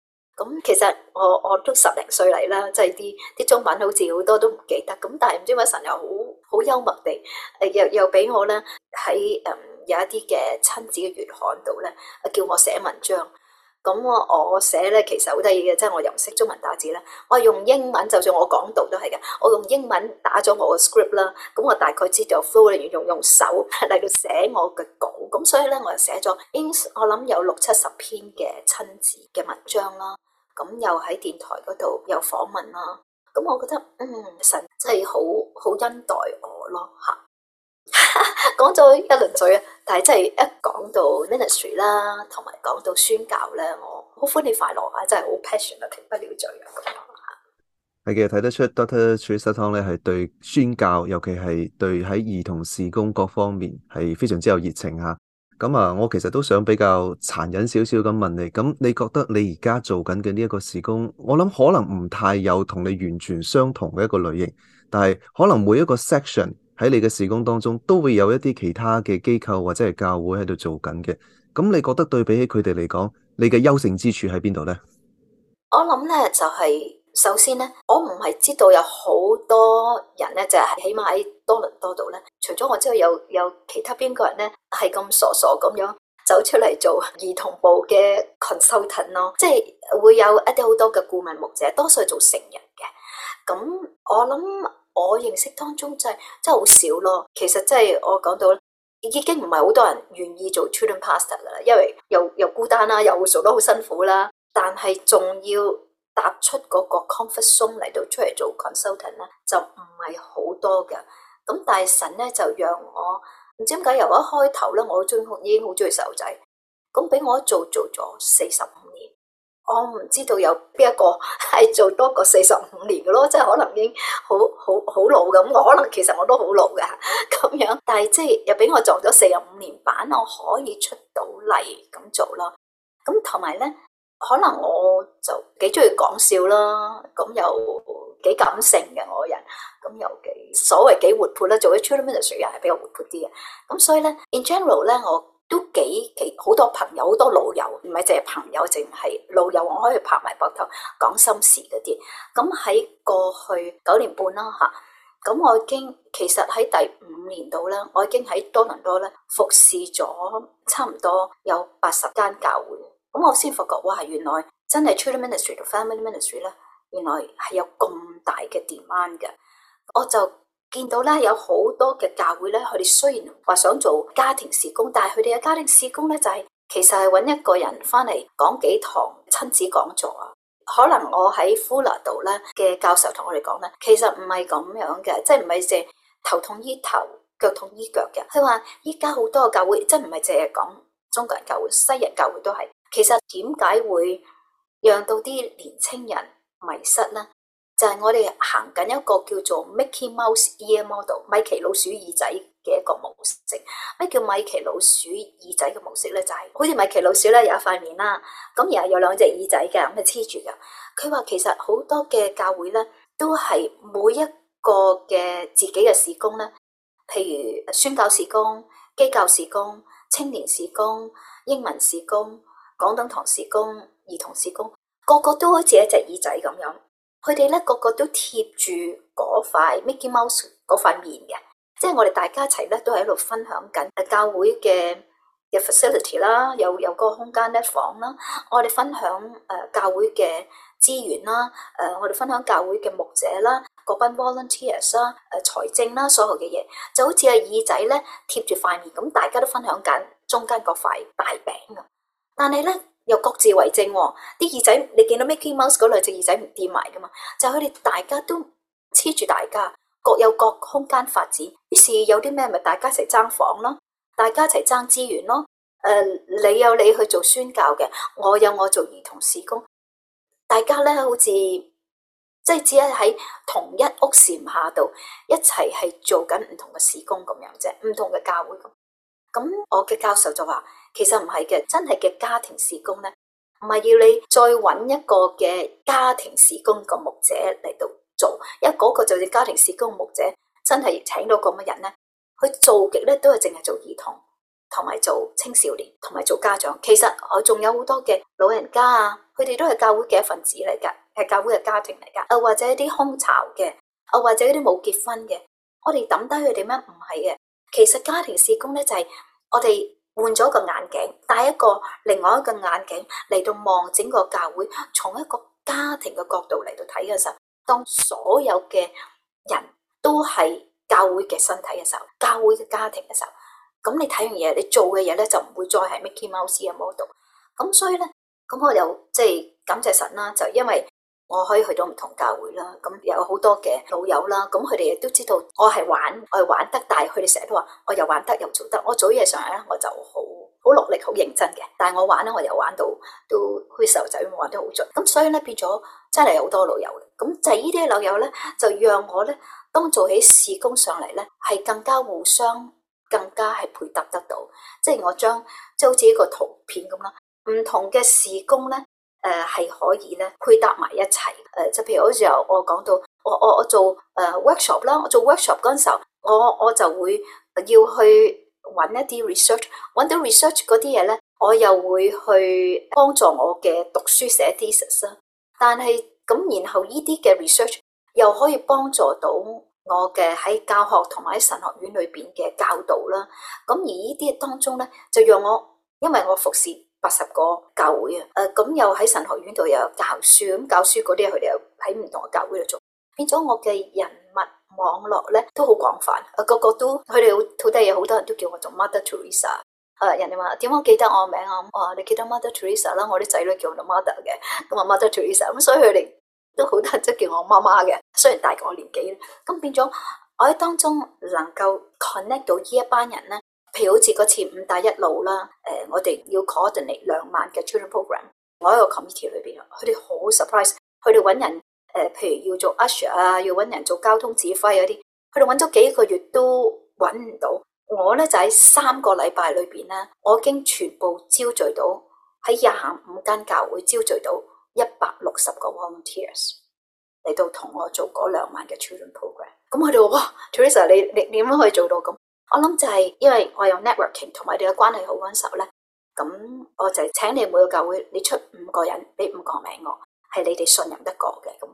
咁其實我我都十零歲嚟啦，即係啲啲中文好似好多都唔記得。咁但係唔知乜神又好好幽默地，又又俾我咧喺誒有一啲嘅親子嘅月刊度咧，叫我寫文章。咁、嗯、我我寫咧其實好得意嘅，即係我又唔識中文打字啦，我用英文，就算我講到都係嘅，我用英文打咗我個 script 啦、嗯。咁我大概知道 flow 咧，用用手嚟到寫我嘅稿。咁、嗯、所以咧，我就寫咗我諗有六七十篇嘅親子嘅文章啦。咁又喺電台嗰度又訪問啦、啊，咁我覺得嗯神真係好好恩待我咯吓，講 咗一輪嘴啊，但係真係一講到 ministry 啦，同埋講到宣教咧，我好歡喜快樂啊，真係好 passion 啊，停不了嘴啊！係嘅，睇得出 Doctor Teresa Tong 咧係對宣教，尤其係對喺兒童事工各方面係非常之有熱情啊！咁啊，我其實都想比較殘忍少少咁問你。咁你覺得你而家做緊嘅呢一個事工，我諗可能唔太有同你完全相同嘅一個類型，但係可能每一個 section 喺你嘅事工當中，都會有一啲其他嘅機構或者係教會喺度做緊嘅。咁你覺得對比起佢哋嚟講，你嘅優勝之處喺邊度咧？我諗咧就係、是。首先咧，我唔係知道有好多人咧，就係起碼喺多倫多度咧，除咗我之外，有有其他邊個人咧係咁傻傻咁樣走出嚟做兒童部嘅 consultant 咯，即係會有一啲好多嘅顧問牧者，多數係做成人嘅。咁我諗我認識當中就係真係好少咯。其實真係我講到，已經唔係好多人願意做 training pastor 啦，因為又又孤單啦，又做得好辛苦啦，但係仲要。踏出嗰個 comfort zone，嚟到出嚟做 consultant 咧，就唔係好多嘅。咁大神咧就讓我唔知點解，由一開頭咧，我好中意已經好中意細路仔。咁俾我做做咗四十五年，我唔知道有邊一個係做多過四十五年嘅咯，即係可能已經好好好老咁。我可能其實我都好老噶，咁樣，但係即係又俾我撞咗四十五年板，我可以出到嚟咁做啦。咁同埋咧。可能我就幾中意講笑啦，咁又幾感性嘅我人，咁又幾所謂幾活潑啦，做咗 True Nature 水人係比較活潑啲嘅，咁所以咧，in general 咧，我都幾幾好多朋友，好多老友，唔係淨係朋友，淨係老友，我可以拍埋膊頭講心事嗰啲。咁喺過去九年半啦吓，咁我已經其實喺第五年度咧，我已經喺多倫多咧服侍咗差唔多有八十間教會。咁我先發覺，哇！原來真係 Children Ministry 同 Family Ministry 咧，原來係有咁大嘅 demand 嘅。我就見到咧，有好多嘅教會咧，佢哋雖然話想做家庭事工，但係佢哋嘅家庭事工咧，就係、是、其實係搵一個人翻嚟講幾堂親子講座啊。可能我喺 Fuller 度咧嘅教授同我哋講咧，其實唔係咁樣嘅，即係唔係淨頭痛醫頭，腳痛醫腳嘅。佢話依家好多嘅教會，即係唔係淨係講中國人教會，西人教會都係。其實點解會讓到啲年青人迷失咧？就係我哋行緊一個叫做 Mickey Mouse Ear Model 米奇老鼠耳仔嘅一個模式。咩叫米奇老鼠耳仔嘅模式咧？就係好似米奇老鼠咧，有一塊面啦，咁然後有兩隻耳仔嘅咁啊，黐住嘅。佢話其實好多嘅教會咧，都係每一個嘅自己嘅事工咧，譬如宣教事工、基教事工、青年事工、英文事工。港燈同事工、兒童事工，個個都好似一隻耳仔咁樣。佢哋咧個個都貼住嗰塊 Mickey Mouse 嗰塊面嘅，即係我哋大家一齊咧都喺度分享緊誒教會嘅嘅 facility 啦，有有嗰個空間一房啦。我哋分享誒教會嘅資源啦，誒我哋分享教會嘅牧者啦，嗰班 volunteers 啦，誒財政啦，所有嘅嘢，就好似個耳仔咧貼住塊面咁，大家都分享緊中間嗰塊大餅咁。但係咧，又各自為政，哦。啲耳仔，你見到 Mickey Mouse 嗰兩隻耳仔唔掂埋噶嘛？就佢、是、哋大家都黐住大家，各有各空間發展。於是有啲咩咪大家一齊爭房咯，大家一齊爭資源咯。誒、呃，你有你去做宣教嘅，我有我做兒童事工。大家咧，好似即係只係喺同一屋檐下度一齊係做緊唔同嘅事工咁樣啫，唔同嘅教會咁。咁我嘅教授就話。其實唔係嘅，真係嘅家庭事工咧，唔係要你再揾一個嘅家庭事工個牧者嚟到做，因為嗰個就係家庭事工牧者，真係請到個乜人咧，佢做極咧都係淨係做兒童，同埋做青少年，同埋做家長。其實我仲有好多嘅老人家啊，佢哋都係教會嘅一份子嚟噶，係教會嘅家庭嚟噶，又或者一啲空巢嘅，又或者一啲冇結婚嘅，我哋抌低佢哋咩？唔係嘅。其實家庭事工咧就係我哋。換咗個眼鏡，戴一個另外一個眼鏡嚟到望整個教會，從一個家庭嘅角度嚟到睇嘅時候，當所有嘅人都係教會嘅身體嘅時候，教會嘅家庭嘅時候，咁你睇完嘢，你做嘅嘢咧就唔會再係 Mickey Mouse 嘅 model。咁所以咧，咁我又即係感謝神啦，就因為。我可以去到唔同教會啦，咁有好多嘅老友啦，咁佢哋亦都知道我係玩，我係玩得。但係佢哋成日都話，我又玩得又做得，我做嘢上嚟咧，我就好好努力、好認真嘅。但係我玩咧，我又玩到都，去似細路仔咁，玩得好盡。咁所以咧，變咗真係好多老友嘅。咁就係依啲老友咧，就讓我咧當做起事工上嚟咧，係更加互相、更加係配搭得到。即係我將即係好似一個圖片咁啦，唔同嘅事工咧。誒係、uh, 可以咧，配搭埋一齊。誒、uh, 就譬如好似我講到，我我我做誒 workshop 啦，我做、uh, workshop 嗰陣 work 時候，我我就會要去揾一啲 research，揾到 research 嗰啲嘢咧，我又會去幫助我嘅讀書寫 thesis 但，但係咁，然後呢啲嘅 research 又可以幫助到我嘅喺教學同埋喺神學院裏邊嘅教導啦。咁而呢啲嘅當中咧，就讓我因為我服侍八十個教會啊，誒、呃、咁又喺神學院度又有教書，咁教書嗰啲佢哋又喺唔同嘅教會度做，變咗我嘅人物網絡咧都好廣泛，誒、呃、個個都佢哋好，好低嘢，好多人都叫我做 Mother Teresa，誒、呃、人哋話點樣記得我名啊，咁、哦、我話你記得 Mother Teresa 啦，我啲仔女叫我做 Mother 嘅，咁、嗯、啊 Mother Teresa，咁所以佢哋都好多人即係叫我媽媽嘅，雖然大過我年紀，咁、呃、變咗我喺當中能夠 connect 到呢一班人咧。好似嗰次五大一路啦，誒、呃，我哋要 coordinate 兩萬嘅 children program，我喺個 committee 裏邊，佢哋好 surprise，佢哋揾人誒、呃，譬如要做 usher 啊，要揾人做交通指揮嗰啲，佢哋揾咗幾個月都揾唔到。我咧就喺三個禮拜裏邊咧，我已經全部招聚到喺廿五間教會招聚到一百六十個 volunteers 嚟到同我做嗰兩萬嘅 children program。咁佢哋話：哇，Teresa，你你點樣可以做到咁？我諗就係，因為我有 networking，同我哋嘅關係好嗰陣時候咧，咁我就請你每個教會你出五個人，俾五個名我，係你哋信任得過嘅，咁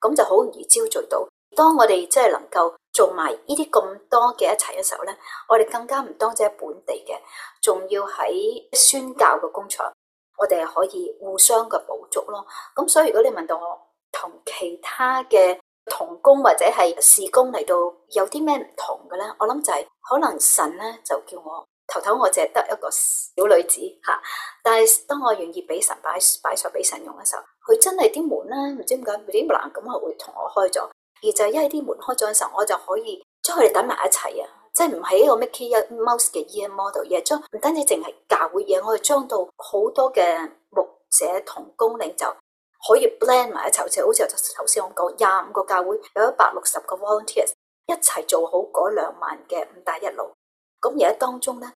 咁就好容易招聚到。當我哋真係能夠做埋呢啲咁多嘅一齊嘅時候咧，我哋更加唔單止係本地嘅，仲要喺宣教嘅工場，我哋係可以互相嘅補足咯。咁所以如果你問到我同其他嘅，童工或者係事工嚟到有啲咩唔同嘅咧？我諗就係，可能神咧就叫我頭頭，我淨係得一個小女子吓。但係當我願意俾神擺擺上俾神用嘅時候，佢真係啲門咧唔知點解點樣咁啊會同我開咗。而就係因為啲門開咗嘅時候，我就可以將佢哋等埋一齊啊！即係唔係一個 Mickey Mouse 嘅 e m model，而係將唔單止淨係教會嘢，我係裝到好多嘅牧者同工領袖。可以 blend 埋一齊，好似好似我頭先咁講，廿五個教會有一百六十個 volunteers 一齊做好嗰兩萬嘅五大一路。咁而家當中咧，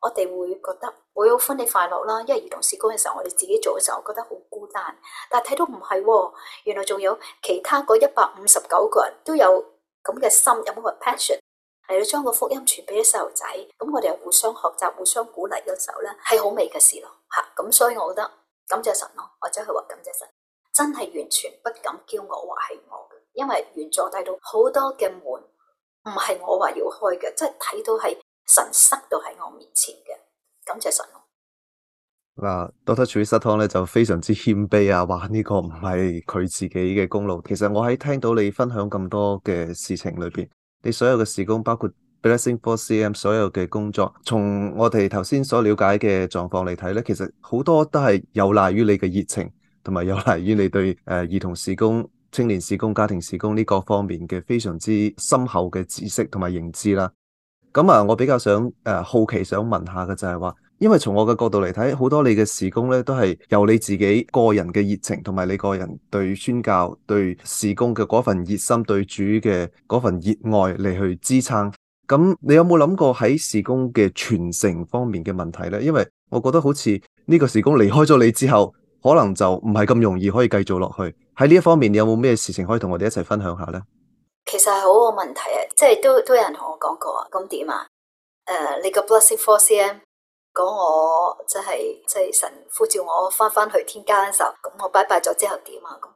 我哋會覺得會有歡喜快樂啦。因為兒童事工嘅時候，我哋自己做嘅時候，我覺得好孤單。但睇到唔係，原來仲有其他嗰一百五十九個人都有咁嘅心，有冇嘅 passion，係要將個福音傳俾啲細路仔。咁我哋又互相學習，互相鼓勵嘅時候咧，係好味嘅事咯。吓、啊，咁所以我覺得感謝神咯，或者佢話感謝神。真係完全不敢驕傲，話係我嘅，因為原助低到好多嘅門唔係我話要開嘅，即係睇到係神塞到喺我面前嘅，感謝神，啊。嗱，啊，Doctor Teresa Tong 咧就非常之謙卑啊！話，呢個唔係佢自己嘅功勞。其實我喺聽到你分享咁多嘅事情裏邊，你所有嘅事工包括 Blessing Four CM 所有嘅工作，從我哋頭先所了解嘅狀況嚟睇咧，其實好多都係有賴於你嘅熱情。同埋有賴於你對誒兒童事工、青年事工、家庭事工呢各方面嘅非常之深厚嘅知識同埋認知啦。咁啊，我比較想誒、啊、好奇想問下嘅就係話，因為從我嘅角度嚟睇，好多你嘅事工咧都係由你自己個人嘅熱情同埋你個人對宣教、對事工嘅嗰份熱心、對主嘅嗰份熱愛嚟去支撐。咁你有冇諗過喺事工嘅傳承方面嘅問題咧？因為我覺得好似呢個事工離開咗你之後。可能就唔係咁容易可以繼續落去喺呢一方面，你有冇咩事情可以同我哋一齊分享下咧？其實係好個問題啊，即係都都有人同我講過，咁點啊？誒、呃，你個 Blessing4CM 講我即係即係神呼召我翻翻去天家時候，咁我拜拜咗之後點啊？咁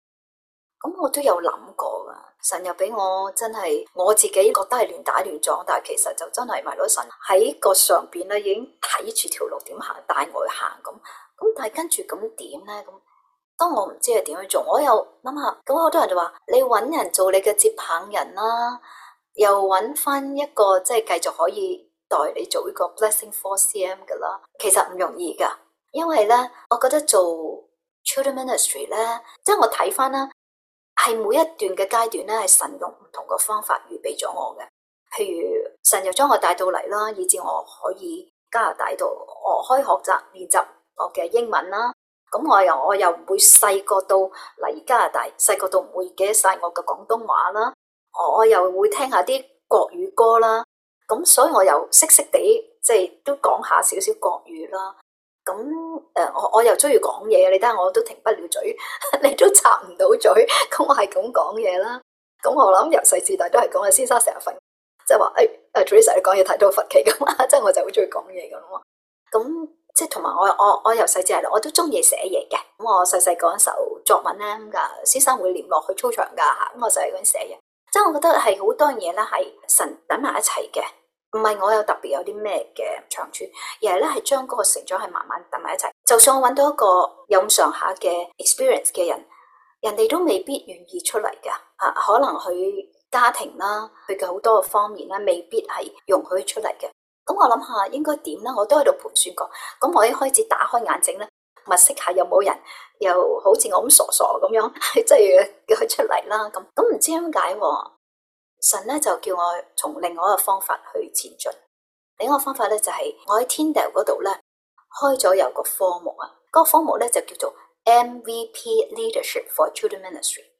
咁我都有諗過噶，神又俾我真係我自己覺得係亂打亂撞，但係其實就真係埋咗神喺個上邊咧，已經睇住條路點行，帶我去行咁。咁但係跟住咁點咧？咁當我唔知係點去做，我又諗下，咁好多人就話你揾人做你嘅接棒人啦，又揾翻一個即係繼續可以代你做呢個 Blessing4CM 噶啦。其實唔容易噶，因為咧，我覺得做 children ministry 咧，即係我睇翻啦，係每一段嘅階段咧，係神用唔同嘅方法預備咗我嘅。譬如神又將我帶到嚟啦，以至我可以加拿大度我開學習練習。我嘅英文啦，咁我又我又唔會細個到嚟加拿大，細個到唔會記得晒我嘅廣東話啦。我又會聽下啲國語歌啦，咁所以我又識識地即係都講下少少國語啦。咁，誒，我我又中意講嘢，你睇下我都停不了嘴， 你都插唔到嘴，咁我係咁講嘢啦。咁我諗由細至大都係講啊，先生成日瞓，即係話誒誒，Teresa，你講嘢太多佛奇咁啦，即 係我就好中意講嘢噶啦咁。即係同埋我我我由細至大，我都中意寫嘢嘅。咁我細細嗰時候作文咧，噶先生會粘落去操場噶吓。咁我就喺咁邊寫嘢。即係我覺得係好多嘢咧，係神等埋一齊嘅，唔係我有特別有啲咩嘅長處，而係咧係將嗰個成長係慢慢等埋一齊。就算我揾到一個有咁上下嘅 experience 嘅人，人哋都未必願意出嚟嘅。吓、啊，可能佢家庭啦，佢嘅好多嘅方面咧，未必係容許出嚟嘅。咁我諗下應該點咧，我都喺度盤算過。咁我一開始打開眼睛咧，物色下有冇人，又好似我咁傻傻咁樣，即係叫佢出嚟啦。咁咁唔知點解，神咧就叫我從另外一個方法去前進。另外一個方法咧就係、是、我喺 Tyndale 嗰度咧開咗有個科目啊，嗰、那個科目咧就叫做 MVP Leadership for Children Ministry。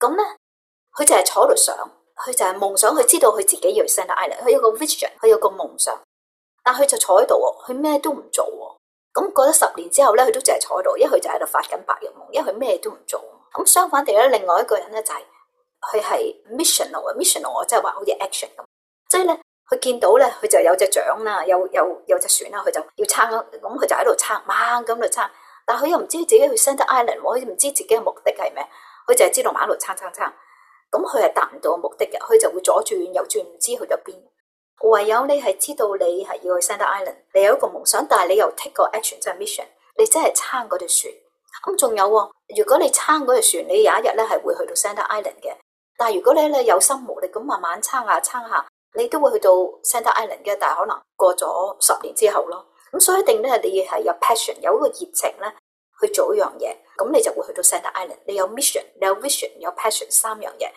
咁咧，佢就係坐喺度想，佢就係夢想，佢知道佢自己要去聖達艾蓮，佢有個 vision，佢有個夢想，但佢就坐喺度，佢咩都唔做。咁過咗十年之後咧，佢都淨係坐喺度，因為佢就喺度發緊白日夢，因為佢咩都唔做。咁相反地咧，另外一個人咧就係、是、佢係 missional，missional 我即係話好似 action 咁，即係咧佢見到咧，佢就有隻槳啦，有有有隻船啦，佢就要撐，咁佢就喺度撐，猛咁度撐，但佢又唔知道自己去 Send 聖達艾蓮，佢唔知自己嘅目的係咩。佢就係知道馬路撐撐撐，咁佢係達唔到目的嘅，佢就會左轉右轉，唔知去咗邊。唯有你係知道你係要去 Santa Island，你有一個夢想，但係你又 take 個 action，即係 mission，你真係撐嗰隻船。咁仲有，如果你撐嗰隻船，你有一日咧係會去到 Santa Island 嘅。但係如果咧你有心無力咁慢慢撐下撐下，你都會去到 Santa Island 嘅，但係可能過咗十年之後咯。咁所以一定咧，你要係有 passion，有一個熱情咧去做一樣嘢。咁你就會去到 Santa Island。你有 mission，你有 vision，你有 passion 三樣嘢。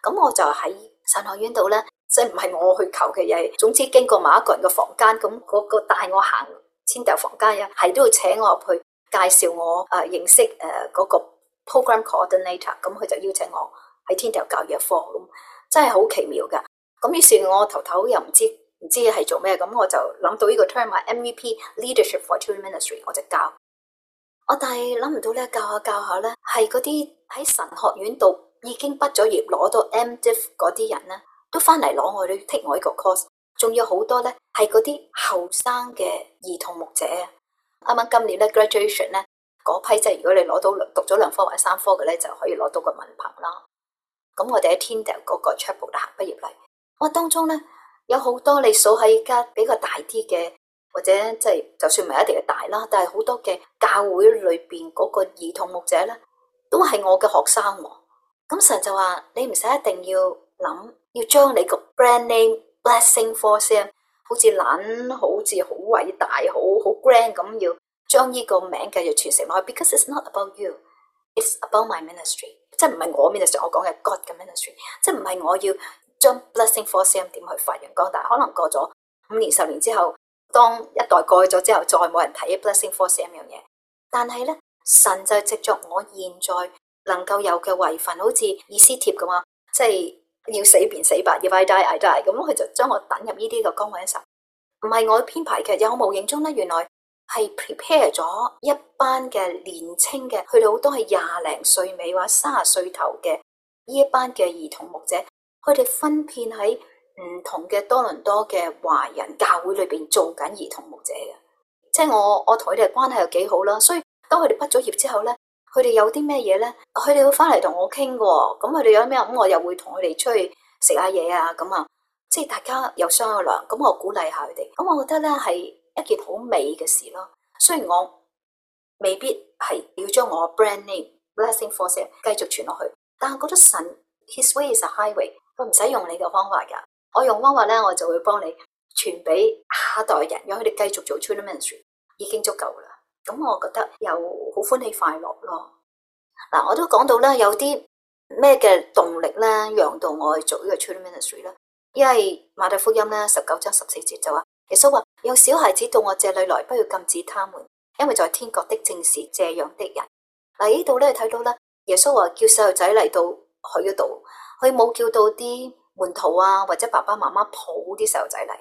咁我就喺神學院度咧，即係唔係我去求嘅，嘢，係總之經過某一個人嘅房間，咁、那、嗰個帶我行天台房間嘅，係都要請我入去介紹我誒、呃、認識誒嗰、呃那個 program coordinator。咁佢就邀請我喺天台教嘢課，咁真係好奇妙噶。咁於是，我頭頭又唔知唔知係做咩，咁我就諗到呢個 term，MVP Leadership for Children Ministry，我就教。我但係諗唔到咧，教下教下咧，係嗰啲喺神學院度已經畢咗業攞到 M.Div 嗰啲人咧，都翻嚟攞我啲 take 我呢個 course 呢。仲有好多咧，係嗰啲後生嘅兒童牧者啊！啱啱今年咧 graduation 咧，嗰批即係如果你攞到讀咗兩科或者三科嘅咧，就可以攞到個文憑啦。咁我哋喺 Tyndale 嗰個 chapel 行畢業禮，我當中咧有好多你數喺而家比較大啲嘅。或者即係就算唔係一定要大啦，但係好多嘅教會裏邊嗰個兒童牧者咧，都係我嘅學生。咁神就話：你唔使一定要諗，要將你個 brand name Blessing4CM，好似爛，好似好偉大，好好 grand 咁，要將呢個名繼續傳承落去。Because it's not about you, it's about my ministry。即係唔係我 ministry，我講嘅 God 嘅 ministry。即係唔係我要將 Blessing4CM 點去發揚光大。但可能過咗五年、十年之後。當一代過去咗之後，再冇人睇提《Blessing4CM》呢樣嘢，但係咧，神就藉着我現在能夠有嘅遺份，好似《以斯帖》咁啊，即係要死便死吧，If I die, I die。咁佢就將我等入呢啲嘅崗位嗰陣，唔係我編排嘅，有我無形中咧，原來係 prepare 咗一班嘅年青嘅，去到好多係廿零歲尾或卅歲頭嘅呢一班嘅兒童牧者，佢哋分片喺，唔同嘅多倫多嘅華人教會裏邊做緊兒童牧者嘅，即係我我同佢哋關係又幾好啦。所以當佢哋畢咗業之後咧，佢哋有啲咩嘢咧，佢哋會翻嚟同我傾嘅。咁佢哋有咩咁、嗯，我又會同佢哋出去食下嘢啊。咁啊，即係大家又商量。咁我鼓勵下佢哋。咁我覺得咧係一件好美嘅事咯。雖然我未必係要將我 brand name Blessing4CM 繼續傳落去，但係我覺得神 His way is a highway，佢唔使用你嘅方法噶。我用翻話咧，我就會幫你傳俾下一代人，讓佢哋繼續做 training ministry，已經足夠啦。咁我覺得又好歡喜快樂咯。嗱、啊，我都講到咧，有啲咩嘅動力咧，讓到我,我去做呢個 training ministry 咧，因為馬太福音咧十九章十四節就話，耶穌話：讓小孩子到我這裏來，不要禁止他們，因為在天國的正是這樣的人。嗱、啊，呢度咧睇到咧，耶穌話叫細路仔嚟到佢嗰度，佢冇叫到啲。門徒啊，或者爸爸媽媽抱啲細路仔嚟，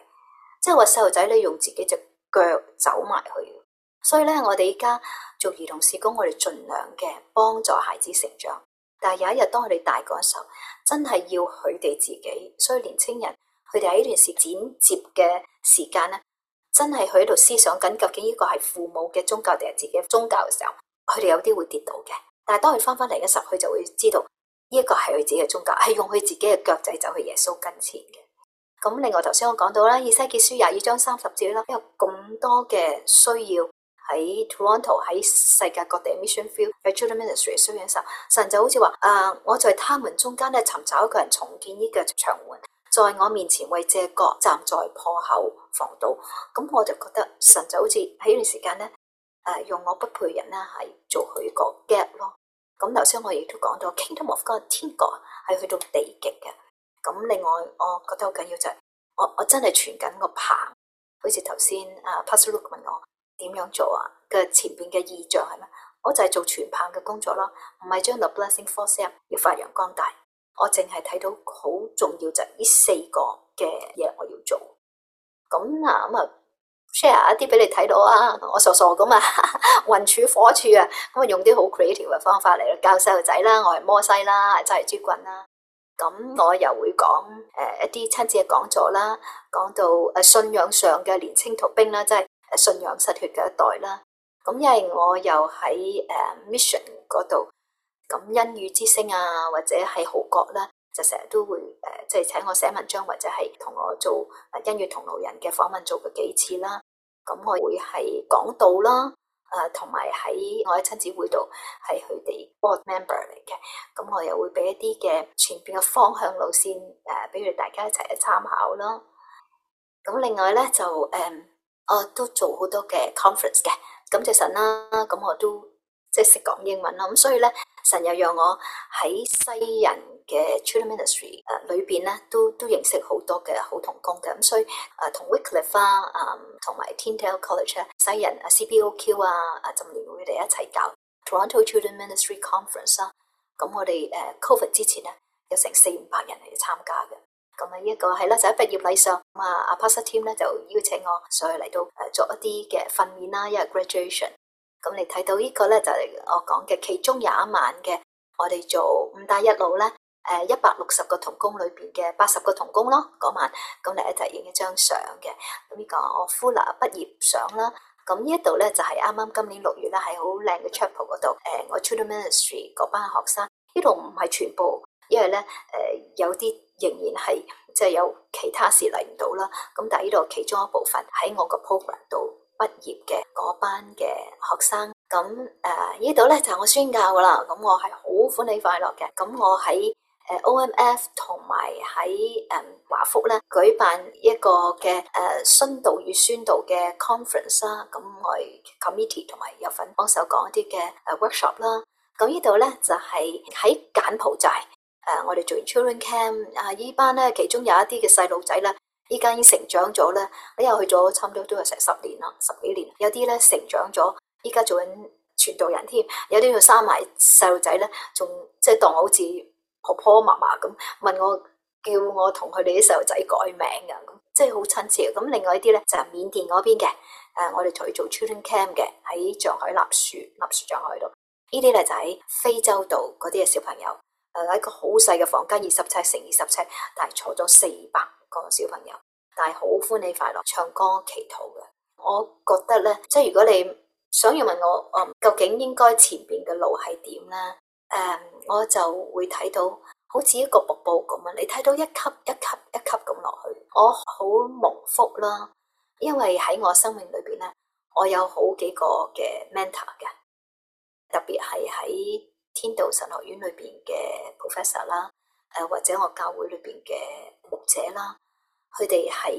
即係話細路仔咧用自己隻腳走埋去。所以咧，我哋而家做兒童事工，我哋盡量嘅幫助孩子成長。但係有一日，當佢哋大個嘅時候，真係要佢哋自己。所以年青人，佢哋喺呢段時轉折嘅時間咧，真係佢喺度思想緊，究竟呢個係父母嘅宗教定係自己嘅宗教嘅時候，佢哋有啲會跌倒嘅。但係當佢翻翻嚟嘅時候，佢就會知道。呢一個係佢自己嘅宗教，係用佢自己嘅腳仔走去耶穌跟前嘅。咁另外頭先我講到啦，《以西結書廿二章三十節》啦，有咁多嘅需要喺 Toronto、喺世界各地 mission field、regional ministry 需要嘅時候，神就好似話：誒、呃，我在他們中間咧，尋找一個人，重建呢個牆垣，在我面前為這國站在破口防堵。咁我就覺得神就好似喺呢段時間咧，誒、呃，用我不配人咧，係做佢個 gap 咯。咁頭先我亦都講到 Kingdom of God，天國係去到地極嘅。咁另外我覺得好緊要就係我我真係傳緊個棒，好似頭先啊 Pastor Luke 問我點樣做啊？嘅前邊嘅意象係咩？我就係做傳棒嘅工作咯，唔係將 The Blessing4CM 啊要發揚光大。我淨係睇到好重要就係呢四個嘅嘢我要做。咁嗱咁啊。share 一啲俾你睇到啊！我傻傻咁 啊，雲柱火柱啊，咁啊用啲好 creative 嘅方法嚟教細路仔啦，我係摩西啦，即係豬棍啦。咁我又會講誒、呃、一啲親子嘅講座啦，講到誒、啊、信仰上嘅年青逃兵啦，即、就、係、是啊、信仰失血嘅一代啦。咁因為我又喺誒、呃、mission 嗰度，咁因語之聲啊，或者係豪國啦。就成日都會誒，即、呃、係、就是、請我寫文章或者係同我做音樂同路人嘅訪問，做過幾次啦。咁、嗯、我會係講道啦，誒、呃，同埋喺我喺親子會度係佢哋 board member 嚟嘅。咁、嗯、我又會俾一啲嘅前面嘅方向路線誒，俾、呃、如大家一齊去參考啦。咁、嗯、另外咧就誒、嗯，我都做好多嘅 conference 嘅。咁就神啦，咁、嗯、我都即係識講英文啦。咁、嗯、所以咧，神又讓我喺西人嘅 children ministry 啊、uh，裏邊咧都都認識好多嘅好同工嘅。咁所以啊，同 Wycliffe 啊，同埋 Tyndale College 咧，西人啊，CBOQ 啊，啊浸聯會嚟一齊搞 Toronto children ministry conference 啦、uh。咁我哋誒 Covid 之前咧有成四五百人嚟參加嘅。咁啊，依、這個係啦，就喺畢業禮上咁啊，啊 pastor team 咧就邀請我，所以嚟到誒做一啲嘅訓練啦。因為 graduation，咁你睇到個呢個咧就係、是、我講嘅其中有一晚嘅，我哋做五大一路咧。誒，一百六十個同工裏邊嘅八十個同工咯，嗰晚咁嚟，一齊影一張相嘅。咁呢個我 Fuller 畢業相啦。咁呢一度咧就係啱啱今年六月啦，喺好靚嘅 Chapel 度，誒，我 True，er，Ministry 嗰班學生，呢度唔係全部，因為咧，誒，有啲仍然係即係有其他事嚟唔到啦。咁但係呢度其中一部分喺我個 Program 度畢業嘅嗰班嘅學生。咁誒，呃、呢度咧就係我宣教噶啦。咁我係好歡喜快樂嘅。咁我喺。誒，OMF 同埋喺誒華福咧舉辦一個嘅誒宣道與宣道嘅 conference 啦、啊，咁我 committee 同埋有，有份幫手講一啲嘅誒 workshop 啦、啊。咁呢度咧就係、是、喺柬埔寨誒、呃，我哋做完 Children Camp 啊，依班咧其中有一啲嘅細路仔咧，依家已經成長咗咧，我又去咗差唔多都有成十年啦，十幾年，有啲咧成長咗，依家做緊傳道人添，有啲仲生埋細路仔咧，仲即係當好似。婆婆嫲嫲咁問我，叫我同佢哋啲細路仔改名噶，咁即係好親切。咁另外一啲咧就係、是、緬甸嗰邊嘅，誒，我哋同佢做 Children Camp 嘅，喺上海納樹納樹藏海度。海呢啲咧就喺、是、非洲度嗰啲嘅小朋友，誒、呃，一個好細嘅房間，二十七乘二十七，但係坐咗四百個小朋友，但係好歡喜快樂，唱歌祈禱嘅。我覺得咧，即係如果你想要問我，誒、嗯，究竟應該前邊嘅路係點咧？誒，um, 我就會睇到好似一個瀑布咁樣，你睇到一級一級一級咁落去，我好蒙福啦。因為喺我生命裏邊咧，我有好幾個嘅 mentor 嘅，特別係喺天道神學院裏邊嘅 professor 啦，誒，或者我教會裏邊嘅牧者啦，佢哋係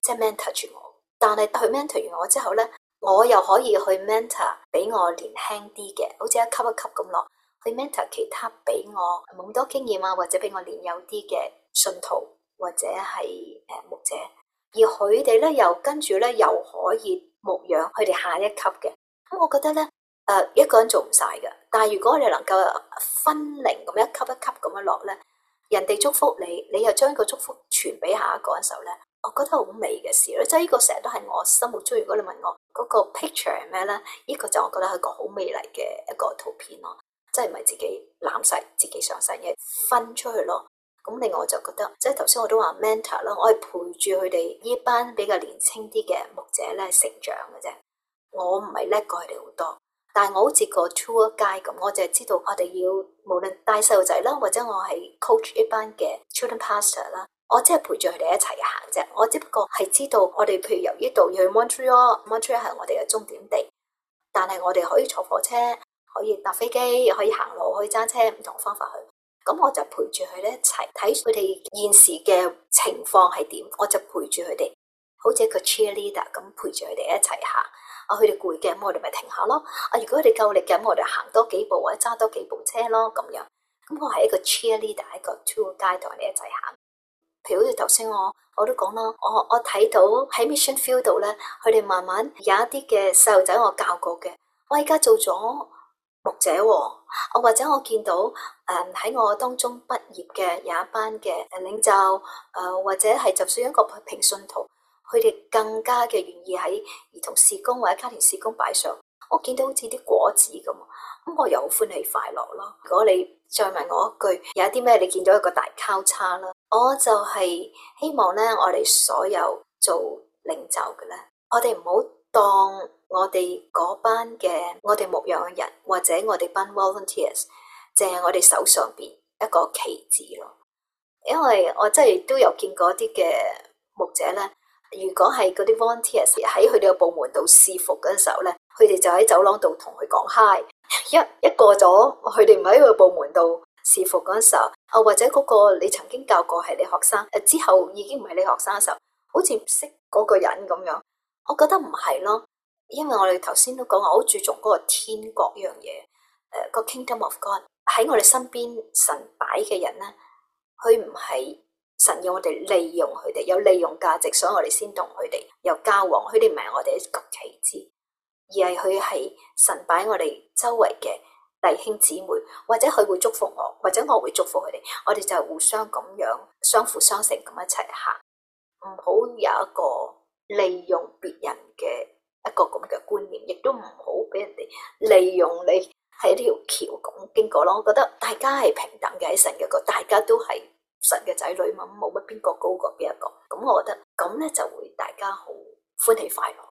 即係、就是、mentor 住我。但係佢 mentor 完我之後咧，我又可以去 mentor 俾我年輕啲嘅，好似一級一級咁落。去 mentor 其他俾我冇多經驗啊，或者俾我年幼啲嘅信徒或者係誒牧者，而佢哋咧又跟住咧又可以牧養佢哋下一級嘅。咁、嗯、我覺得咧，誒、呃、一個人做唔晒噶，但係如果你能夠分零咁一級一級咁樣落咧，人哋祝福你，你又將個祝福傳俾下一個人嘅時候咧，我覺得好美嘅事咯。即係呢個成日都係我心目中。如果你問我嗰、那個 picture 係咩咧，呢、這個就我覺得係個好美麗嘅一個圖片咯。即係唔係自己攬晒，自己上曬嘢，分出去咯。咁另外我就覺得，即係頭先我都話 mentor 啦，我係陪住佢哋呢班比較年青啲嘅牧者咧成長嘅啫。我唔係叻過佢哋好多，但係我好似個 tour guide 咁，我就係知道我哋要無論帶細路仔啦，或者我係 coach 呢班嘅 children pastor 啦，我即係陪住佢哋一齊行啫。我只不過係知道我哋譬如由呢度要去 Montreal，Montreal 係我哋嘅終點地，但係我哋可以坐火車。可以搭飛機，可以行路，可以揸車，唔同方法去。咁我就陪住佢哋一齊睇佢哋現時嘅情況係點，我就陪住佢哋，好似一個 cheerleader 咁陪住佢哋一齊行。啊，佢哋攰嘅咁，我哋咪停下咯。啊，如果佢哋夠力嘅咁，我哋行多幾步或者揸多幾步車咯，咁樣。咁我係一個 cheerleader，一個 tour guide 同你一齊行。譬如好似頭先我我都講啦，我我睇到喺 mission field 度咧，佢哋慢慢有一啲嘅細路仔，我教過嘅，我而家做咗。牧者，我或者我見到誒喺、呃、我當中畢業嘅有一班嘅誒領袖，誒、呃、或者係就算一個平信徒，佢哋更加嘅願意喺兒童事工或者家庭事工擺上。我見到好似啲果子咁，咁我又好歡喜快樂咯。如果你再問我一句，有一啲咩你見到一個大交叉啦，我就係希望咧，我哋所有做領袖嘅咧，我哋唔好當。我哋嗰班嘅我哋牧養嘅人，或者我哋班 volunteers，就係我哋手上邊一個棋子咯。因為我真係都有見過啲嘅牧者咧，如果係嗰啲 volunteers 喺佢哋個部門度侍服嗰陣時候咧，佢哋就喺走廊度同佢講 hi。一一過咗，佢哋唔喺個部門度侍服嗰陣時候，啊或者嗰個你曾經教過係你學生，誒之後已經唔係你學生嘅時候，好似唔識嗰個人咁樣。我覺得唔係咯。因為我哋頭先都講過好注重嗰個天國樣嘢，誒、呃、個 Kingdom of God 喺我哋身邊神擺嘅人咧，佢唔係神要我哋利用佢哋有利用價值，所以我哋先同佢哋有交往。佢哋唔係我哋一個棋子，而係佢係神擺我哋周圍嘅弟兄姊妹，或者佢會祝福我，或者我會祝福佢哋，我哋就互相咁樣相輔相成咁一齊行，唔好有一個利用別人嘅。一個咁嘅觀念，亦都唔好俾人哋利用你喺呢條橋咁經過咯。我覺得大家係平等嘅，喺神嘅個，大家都係神嘅仔女嘛，咁冇乜邊個高過邊一個。咁、嗯、我覺得咁咧就會大家好歡喜快樂。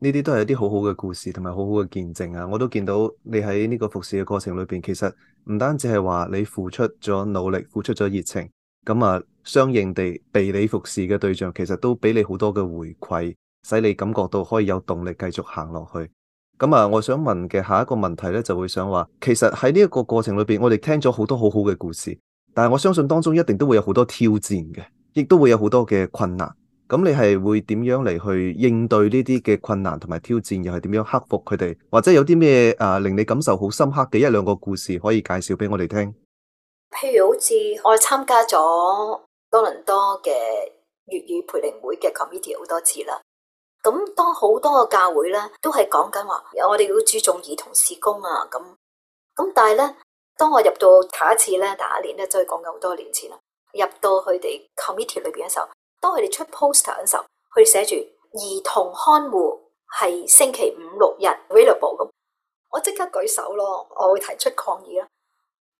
呢啲都係一啲好好嘅故事同埋好好嘅見證啊！我都見到你喺呢個服侍嘅過程裏邊，其實唔單止係話你付出咗努力，付出咗熱情，咁啊，相應地被你服侍嘅對象，其實都俾你好多嘅回饋。使你感覺到可以有動力繼續行落去咁啊！我想問嘅下一個問題咧，就會想話其實喺呢一個過程裏邊，我哋聽咗好多好好嘅故事，但係我相信當中一定都會有好多挑戰嘅，亦都會有好多嘅困難。咁你係會點樣嚟去應對呢啲嘅困難同埋挑戰，又係點樣克服佢哋？或者有啲咩啊令你感受好深刻嘅一兩個故事，可以介紹俾我哋聽？譬如好似我哋參加咗多倫多嘅粵語培靈會嘅 committee 好多次啦。咁當好多個教會咧，都係講緊話，我哋要注重兒童事工啊，咁咁但係咧，當我入到下一次咧，下一年咧，就係講緊好多年前啦，入到佢哋 committee 裏邊嘅時候，當佢哋出 poster 嘅時候，佢寫住兒童看護係星期五六日 available 咁，我即刻舉手咯，我會提出抗議啦。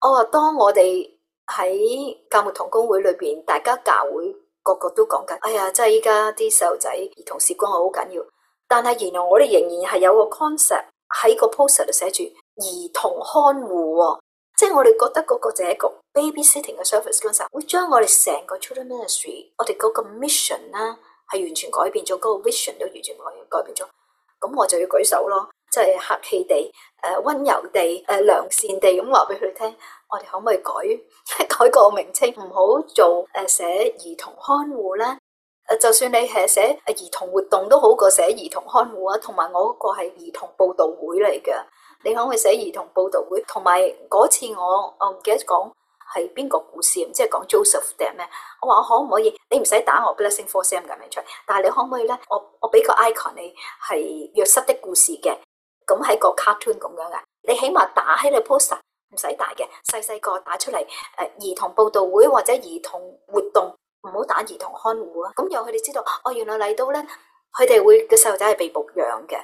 我話當我哋喺教牧同工會裏邊，大家教會。個個都講緊，哎呀，即係依家啲細路仔兒童時光好緊要，但係原來我哋仍然係有個 concept 喺個 poster 度寫住兒童看護。哦，即係我哋覺得嗰個這個 babysitting 嘅 service concept 會將我哋成個 children ministry，我哋嗰個 mission 啦係完全改變咗，嗰、嗰個 vision 都完全改改變咗，咁我就要舉手咯。即係客氣地，誒溫柔地，誒良善地咁話俾佢聽，我哋可唔可以改改個名稱？唔好做誒寫兒童看護咧。誒，就算你係寫兒童活動都好過寫兒童看護啊。同埋我嗰個係兒童佈道會嚟嘅，你可唔可以寫兒童佈道會？同埋嗰次我我唔記得講係邊個故事，即係講 Joseph 咩？我話我可唔可以？你唔使打我 Blessing4CM 嘅名出，但係你可唔可以咧？我我俾個 icon 你係約瑟的故事嘅。咁喺個 cartoon 咁樣嘅，你起碼打喺你 poster 唔使大嘅，細細個打出嚟誒、呃、兒童佈道會或者兒童活動，唔好打兒童看護啊！咁讓佢哋知道，哦，原來嚟到咧，佢哋會個細路仔係被牧養嘅。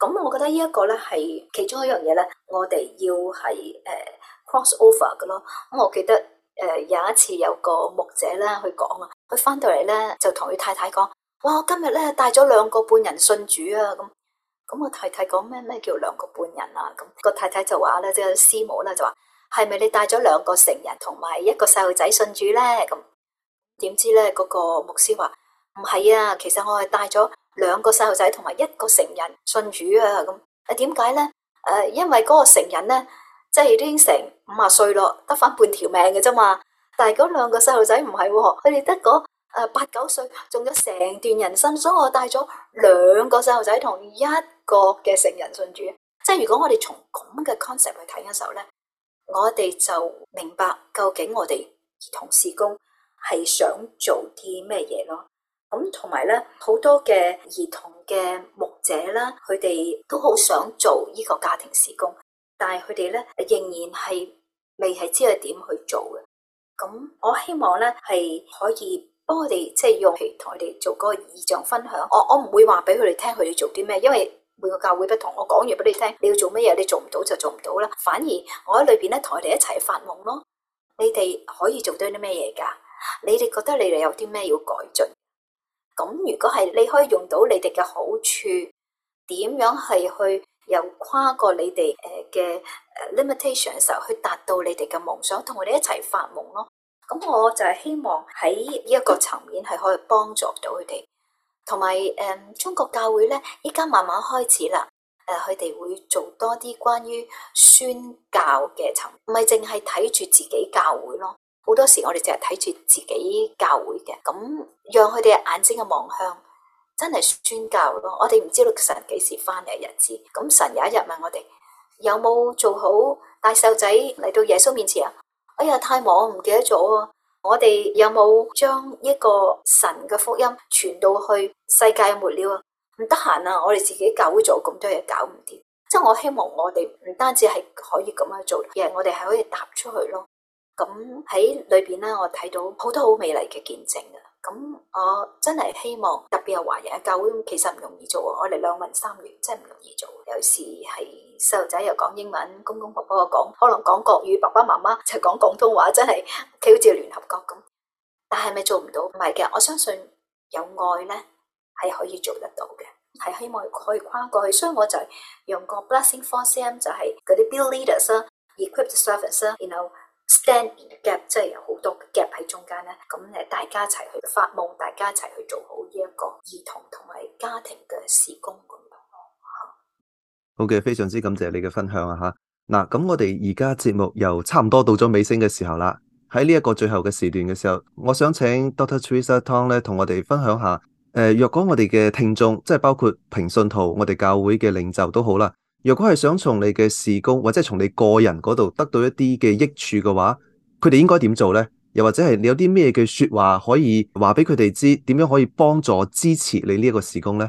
咁、嗯、我覺得呢一個咧係其中一樣嘢咧，我哋要係誒、呃、cross over 嘅咯。咁、嗯、我記得誒、呃、有一次有個牧者咧去講啊，佢返到嚟咧就同佢太太講：「哇，我今日咧帶咗兩個半人信主啊！」咁、嗯。咁個太太講，咩咩叫兩個半人啊？咁個太太就話咧，即係師母咧就話，係咪你帶咗兩個成人同埋一個細路仔信主咧？咁點知咧，嗰個牧師話唔係啊，其實我係帶咗兩個細路仔同埋一個成人信主啊。咁係點解咧？誒，因為嗰個成人咧，即係已經成五啊歲咯，得翻半條命嘅啫嘛。但係嗰兩個細路仔唔係，佢哋得個。誒，八九歲中咗成段人生，所以我帶咗兩個細路仔同一個嘅成人信主，即係如果我哋從咁嘅 concept 去睇嗰時候咧，我哋就明白究竟我哋兒童事工係想做啲咩嘢咯。咁同埋咧，好多嘅兒童嘅牧者啦，佢哋都好想做呢個家庭事工，但係佢哋咧仍然係未係知道點去做嘅。咁我希望咧係可以。幫我哋即係用嚟同我哋做嗰個異象分享。我我唔會話俾佢哋聽佢哋做啲咩，因為每個教會不同。我講完俾你聽，你要做乜嘢，你做唔到就做唔到啦。反而我喺裏邊咧同我哋一齊發夢咯。你哋可以做到啲咩嘢噶？你哋覺得你哋有啲咩要改進？咁如果係你可以用到你哋嘅好處，點樣係去又跨過你哋誒嘅誒、呃呃、limitation 嘅時候，去達到你哋嘅夢想，同我哋一齊發夢咯。咁我就係希望喺呢一個層面係可以幫助到佢哋，同埋誒中國教會咧，依家慢慢開始啦。誒、呃，佢哋會做多啲關於宣教嘅層，唔係淨係睇住自己教會咯。好多時我哋淨係睇住自己教會嘅，咁讓佢哋眼睛嘅望向真係宣教咯。我哋唔知道神幾時翻嚟嘅日子，咁神有一日問我哋有冇做好帶細路仔嚟到耶穌面前啊？哎呀，太忙唔記得咗啊！我哋有冇將一個神嘅福音傳到去世界末了啊？唔得閒啊！我哋自己教會做咁多嘢搞唔掂，即係我希望我哋唔單止係可以咁樣做，而係我哋係可以踏出去咯。咁喺裏邊咧，我睇到好多好美麗嘅見證啊！咁我真係希望，特別係華人嘅教會，其實唔容易做啊！我哋兩文三語真係唔容易做，有時係。細路仔又講英文，公公婆，婆婆又講，可能講國語，爸爸媽媽就講廣東話，真係佢好似聯合國咁。但係咪做唔到？唔係嘅，我相信有愛咧係可以做得到嘅，係希望可以跨過去。所以我就用個 Blessing4CM 就係嗰啲 build leaders 啊、uh，equip the servants 啊，然後 stand in the gap，即係有好多 gap 喺中間咧。咁、嗯、咧，大家一齊去發夢，大家一齊去做好呢一個兒童同埋家庭嘅事工。好嘅，非常之感謝你嘅分享啊吓，嗱，咁我哋而家節目又差唔多到咗尾聲嘅時候啦，喺呢一個最後嘅時段嘅時候，我想請 Dr. Teresa Tong 同我哋分享下，誒、呃、若果我哋嘅聽眾，即係包括平信徒、我哋教會嘅領袖都好啦，若果係想從你嘅事工或者係從你個人嗰度得到一啲嘅益處嘅話，佢哋應該點做呢？又或者係你有啲咩嘅說話可以話俾佢哋知，點樣可以幫助支持你呢一個事工呢？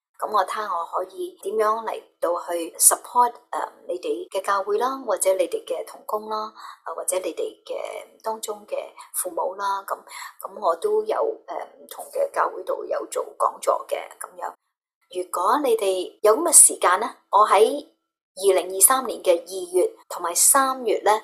咁我睇下我可以點樣嚟到去 support 誒、um, 你哋嘅教會啦，或者你哋嘅同工啦，啊或者你哋嘅當中嘅父母啦，咁咁我都有誒 um, 唔同嘅教會度有做講座嘅咁樣。如果你哋有咁嘅時間咧，我喺二零二三年嘅二月同埋三月咧。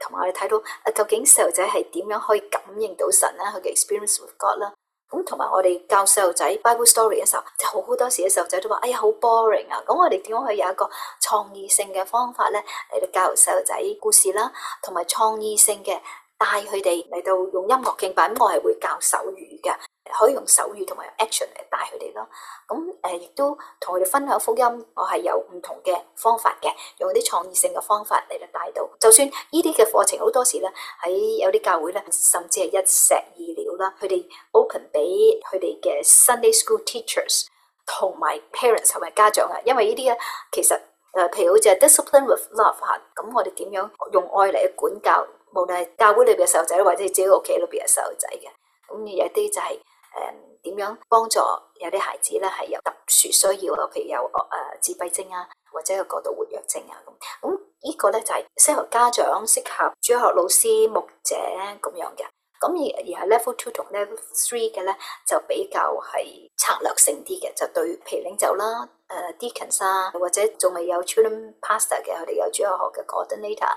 同埋我哋睇到啊，究竟細路仔係點樣可以感應到神咧？佢嘅 experience with God 啦，咁同埋我哋教細路仔 Bible story 嘅時候，就好好多時嘅細路仔都話：哎呀，好 boring 啊！咁我哋點樣去有一個創意性嘅方法咧嚟到教細路仔故事啦，同埋創意性嘅。帶佢哋嚟到用音樂敬拜，我係會教手語嘅，可以用手語同埋 action 嚟帶佢哋咯。咁誒亦都同佢哋分享福音，我係有唔同嘅方法嘅，用啲創意性嘅方法嚟到帶到。就算呢啲嘅課程好多時咧，喺有啲教會咧，甚至係一石二鳥啦，佢哋 open 俾佢哋嘅 Sunday School teachers 同埋 parents 同埋家長啊，因為呢啲咧其實誒，譬如好似係 discipline with love 嚇，咁我哋點樣用愛嚟去管教？無論教會裏邊嘅細路仔，或者自己屋企裏邊嘅細路仔嘅，咁有啲就係誒點樣幫助有啲孩子咧，係有特殊需要，譬如有誒、呃、自閉症啊，或者有過度活躍症啊咁。咁依、這個咧就係適合家長、適合主學老師、牧者咁樣嘅。咁而而係 Level Two 同 Level Three 嘅咧，就比較係策略性啲嘅，就對譬如領袖啦、誒、呃、Dickens 啊，或者仲係有 Trainer Pastor 嘅，佢哋有主學嘅 Coordinator。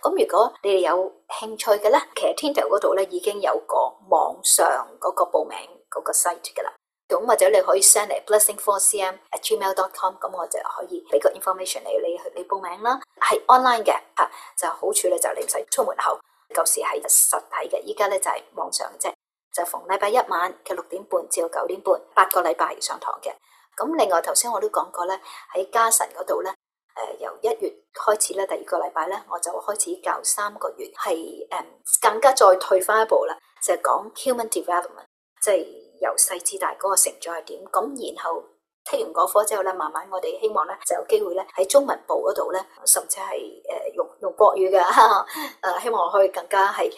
咁如果你哋有興趣嘅咧，其實天道嗰度咧已經有個網上嗰個報名嗰個 site 噶啦。咁或者你可以 send 嚟 blessing4cm@gmail.com，咁我就可以俾個 information 你，你去你報名啦。係 online 嘅吓，就好處咧就你唔使出門口。舊時係實體嘅，依家咧就係網上嘅啫。就逢禮拜一晚嘅六點半至到九點半，八個禮拜上堂嘅。咁另外頭先我都講過咧，喺嘉臣嗰度咧。誒、呃、由一月開始咧，第二個禮拜咧，我就開始教三個月，係誒、嗯、更加再退翻一步啦，就係、是、講 Human Development，即係由細至大嗰個成長係點。咁然後聽完嗰科之後咧，慢慢我哋希望咧就有機會咧喺中文部嗰度咧，甚至係誒、呃、用用國語嘅，誒希望我可以更加係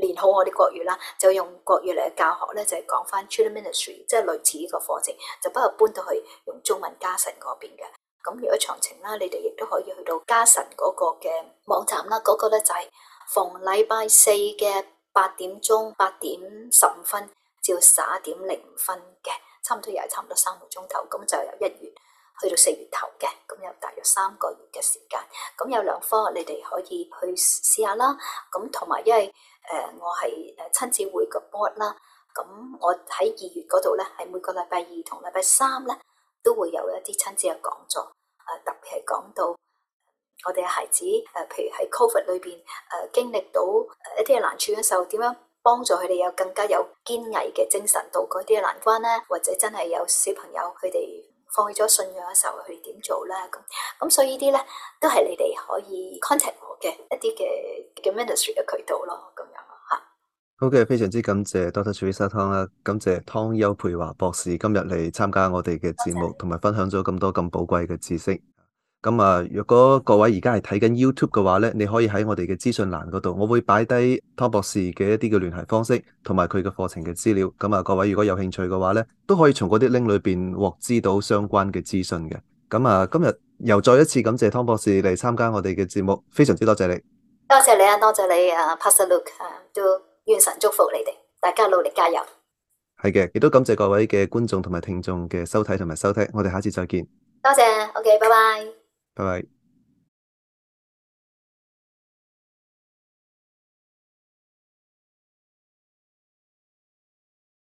練好我啲國語啦，就用國語嚟教學咧，就係、是、講翻 Children Ministry，即係類似呢個課程，就不如搬到去用中文加成嗰邊嘅。咁如果詳情啦，你哋亦都可以去到嘉臣嗰個嘅網站啦，嗰、嗰個咧就係逢禮拜四嘅八點鐘、八點十五分至到十一點零五分嘅，差唔多又係差唔多三個鐘頭，咁就由一月去到四月頭嘅，咁有大約三個月嘅時間，咁有兩科你哋可以去試下啦。咁同埋因為誒我係誒親子會嘅 board 啦，咁我喺二月嗰度咧，係每個禮拜二同禮拜三咧。都會有一啲親子嘅講座，誒特別係講到我哋嘅孩子誒，譬如喺 Covid 裏邊誒、呃、經歷到一啲難處嘅時候，點樣幫助佢哋有更加有堅毅嘅精神度過啲難關咧？或者真係有小朋友佢哋放棄咗信仰嘅時候，去點做咧？咁咁，所以呢啲咧都係你哋可以 contact 我嘅一啲嘅嘅 ministry 嘅渠道咯，咁樣。OK，非常之感謝 Doctor Teresa 湯啦，感謝湯邱佩華博士今日嚟參加我哋嘅節目，同埋分享咗咁多咁寶貴嘅知識。咁啊，若果各位而家係睇緊 YouTube 嘅話咧，你可以喺我哋嘅資訊欄嗰度，我會擺低湯博士嘅一啲嘅聯繫方式，同埋佢嘅課程嘅資料。咁啊，各位如果有興趣嘅話咧，都可以從嗰啲 link 裏邊獲知到相關嘅資訊嘅。咁啊，今日又再一次感謝湯博士嚟參加我哋嘅節目，非常之多謝你。多謝你啊，多謝你啊，Pastor Luke 啊願神祝福你哋，大家努力加油。係嘅，亦都感謝各位嘅觀眾同埋聽眾嘅收睇同埋收聽，我哋下次再見。多謝，OK，拜拜。拜拜。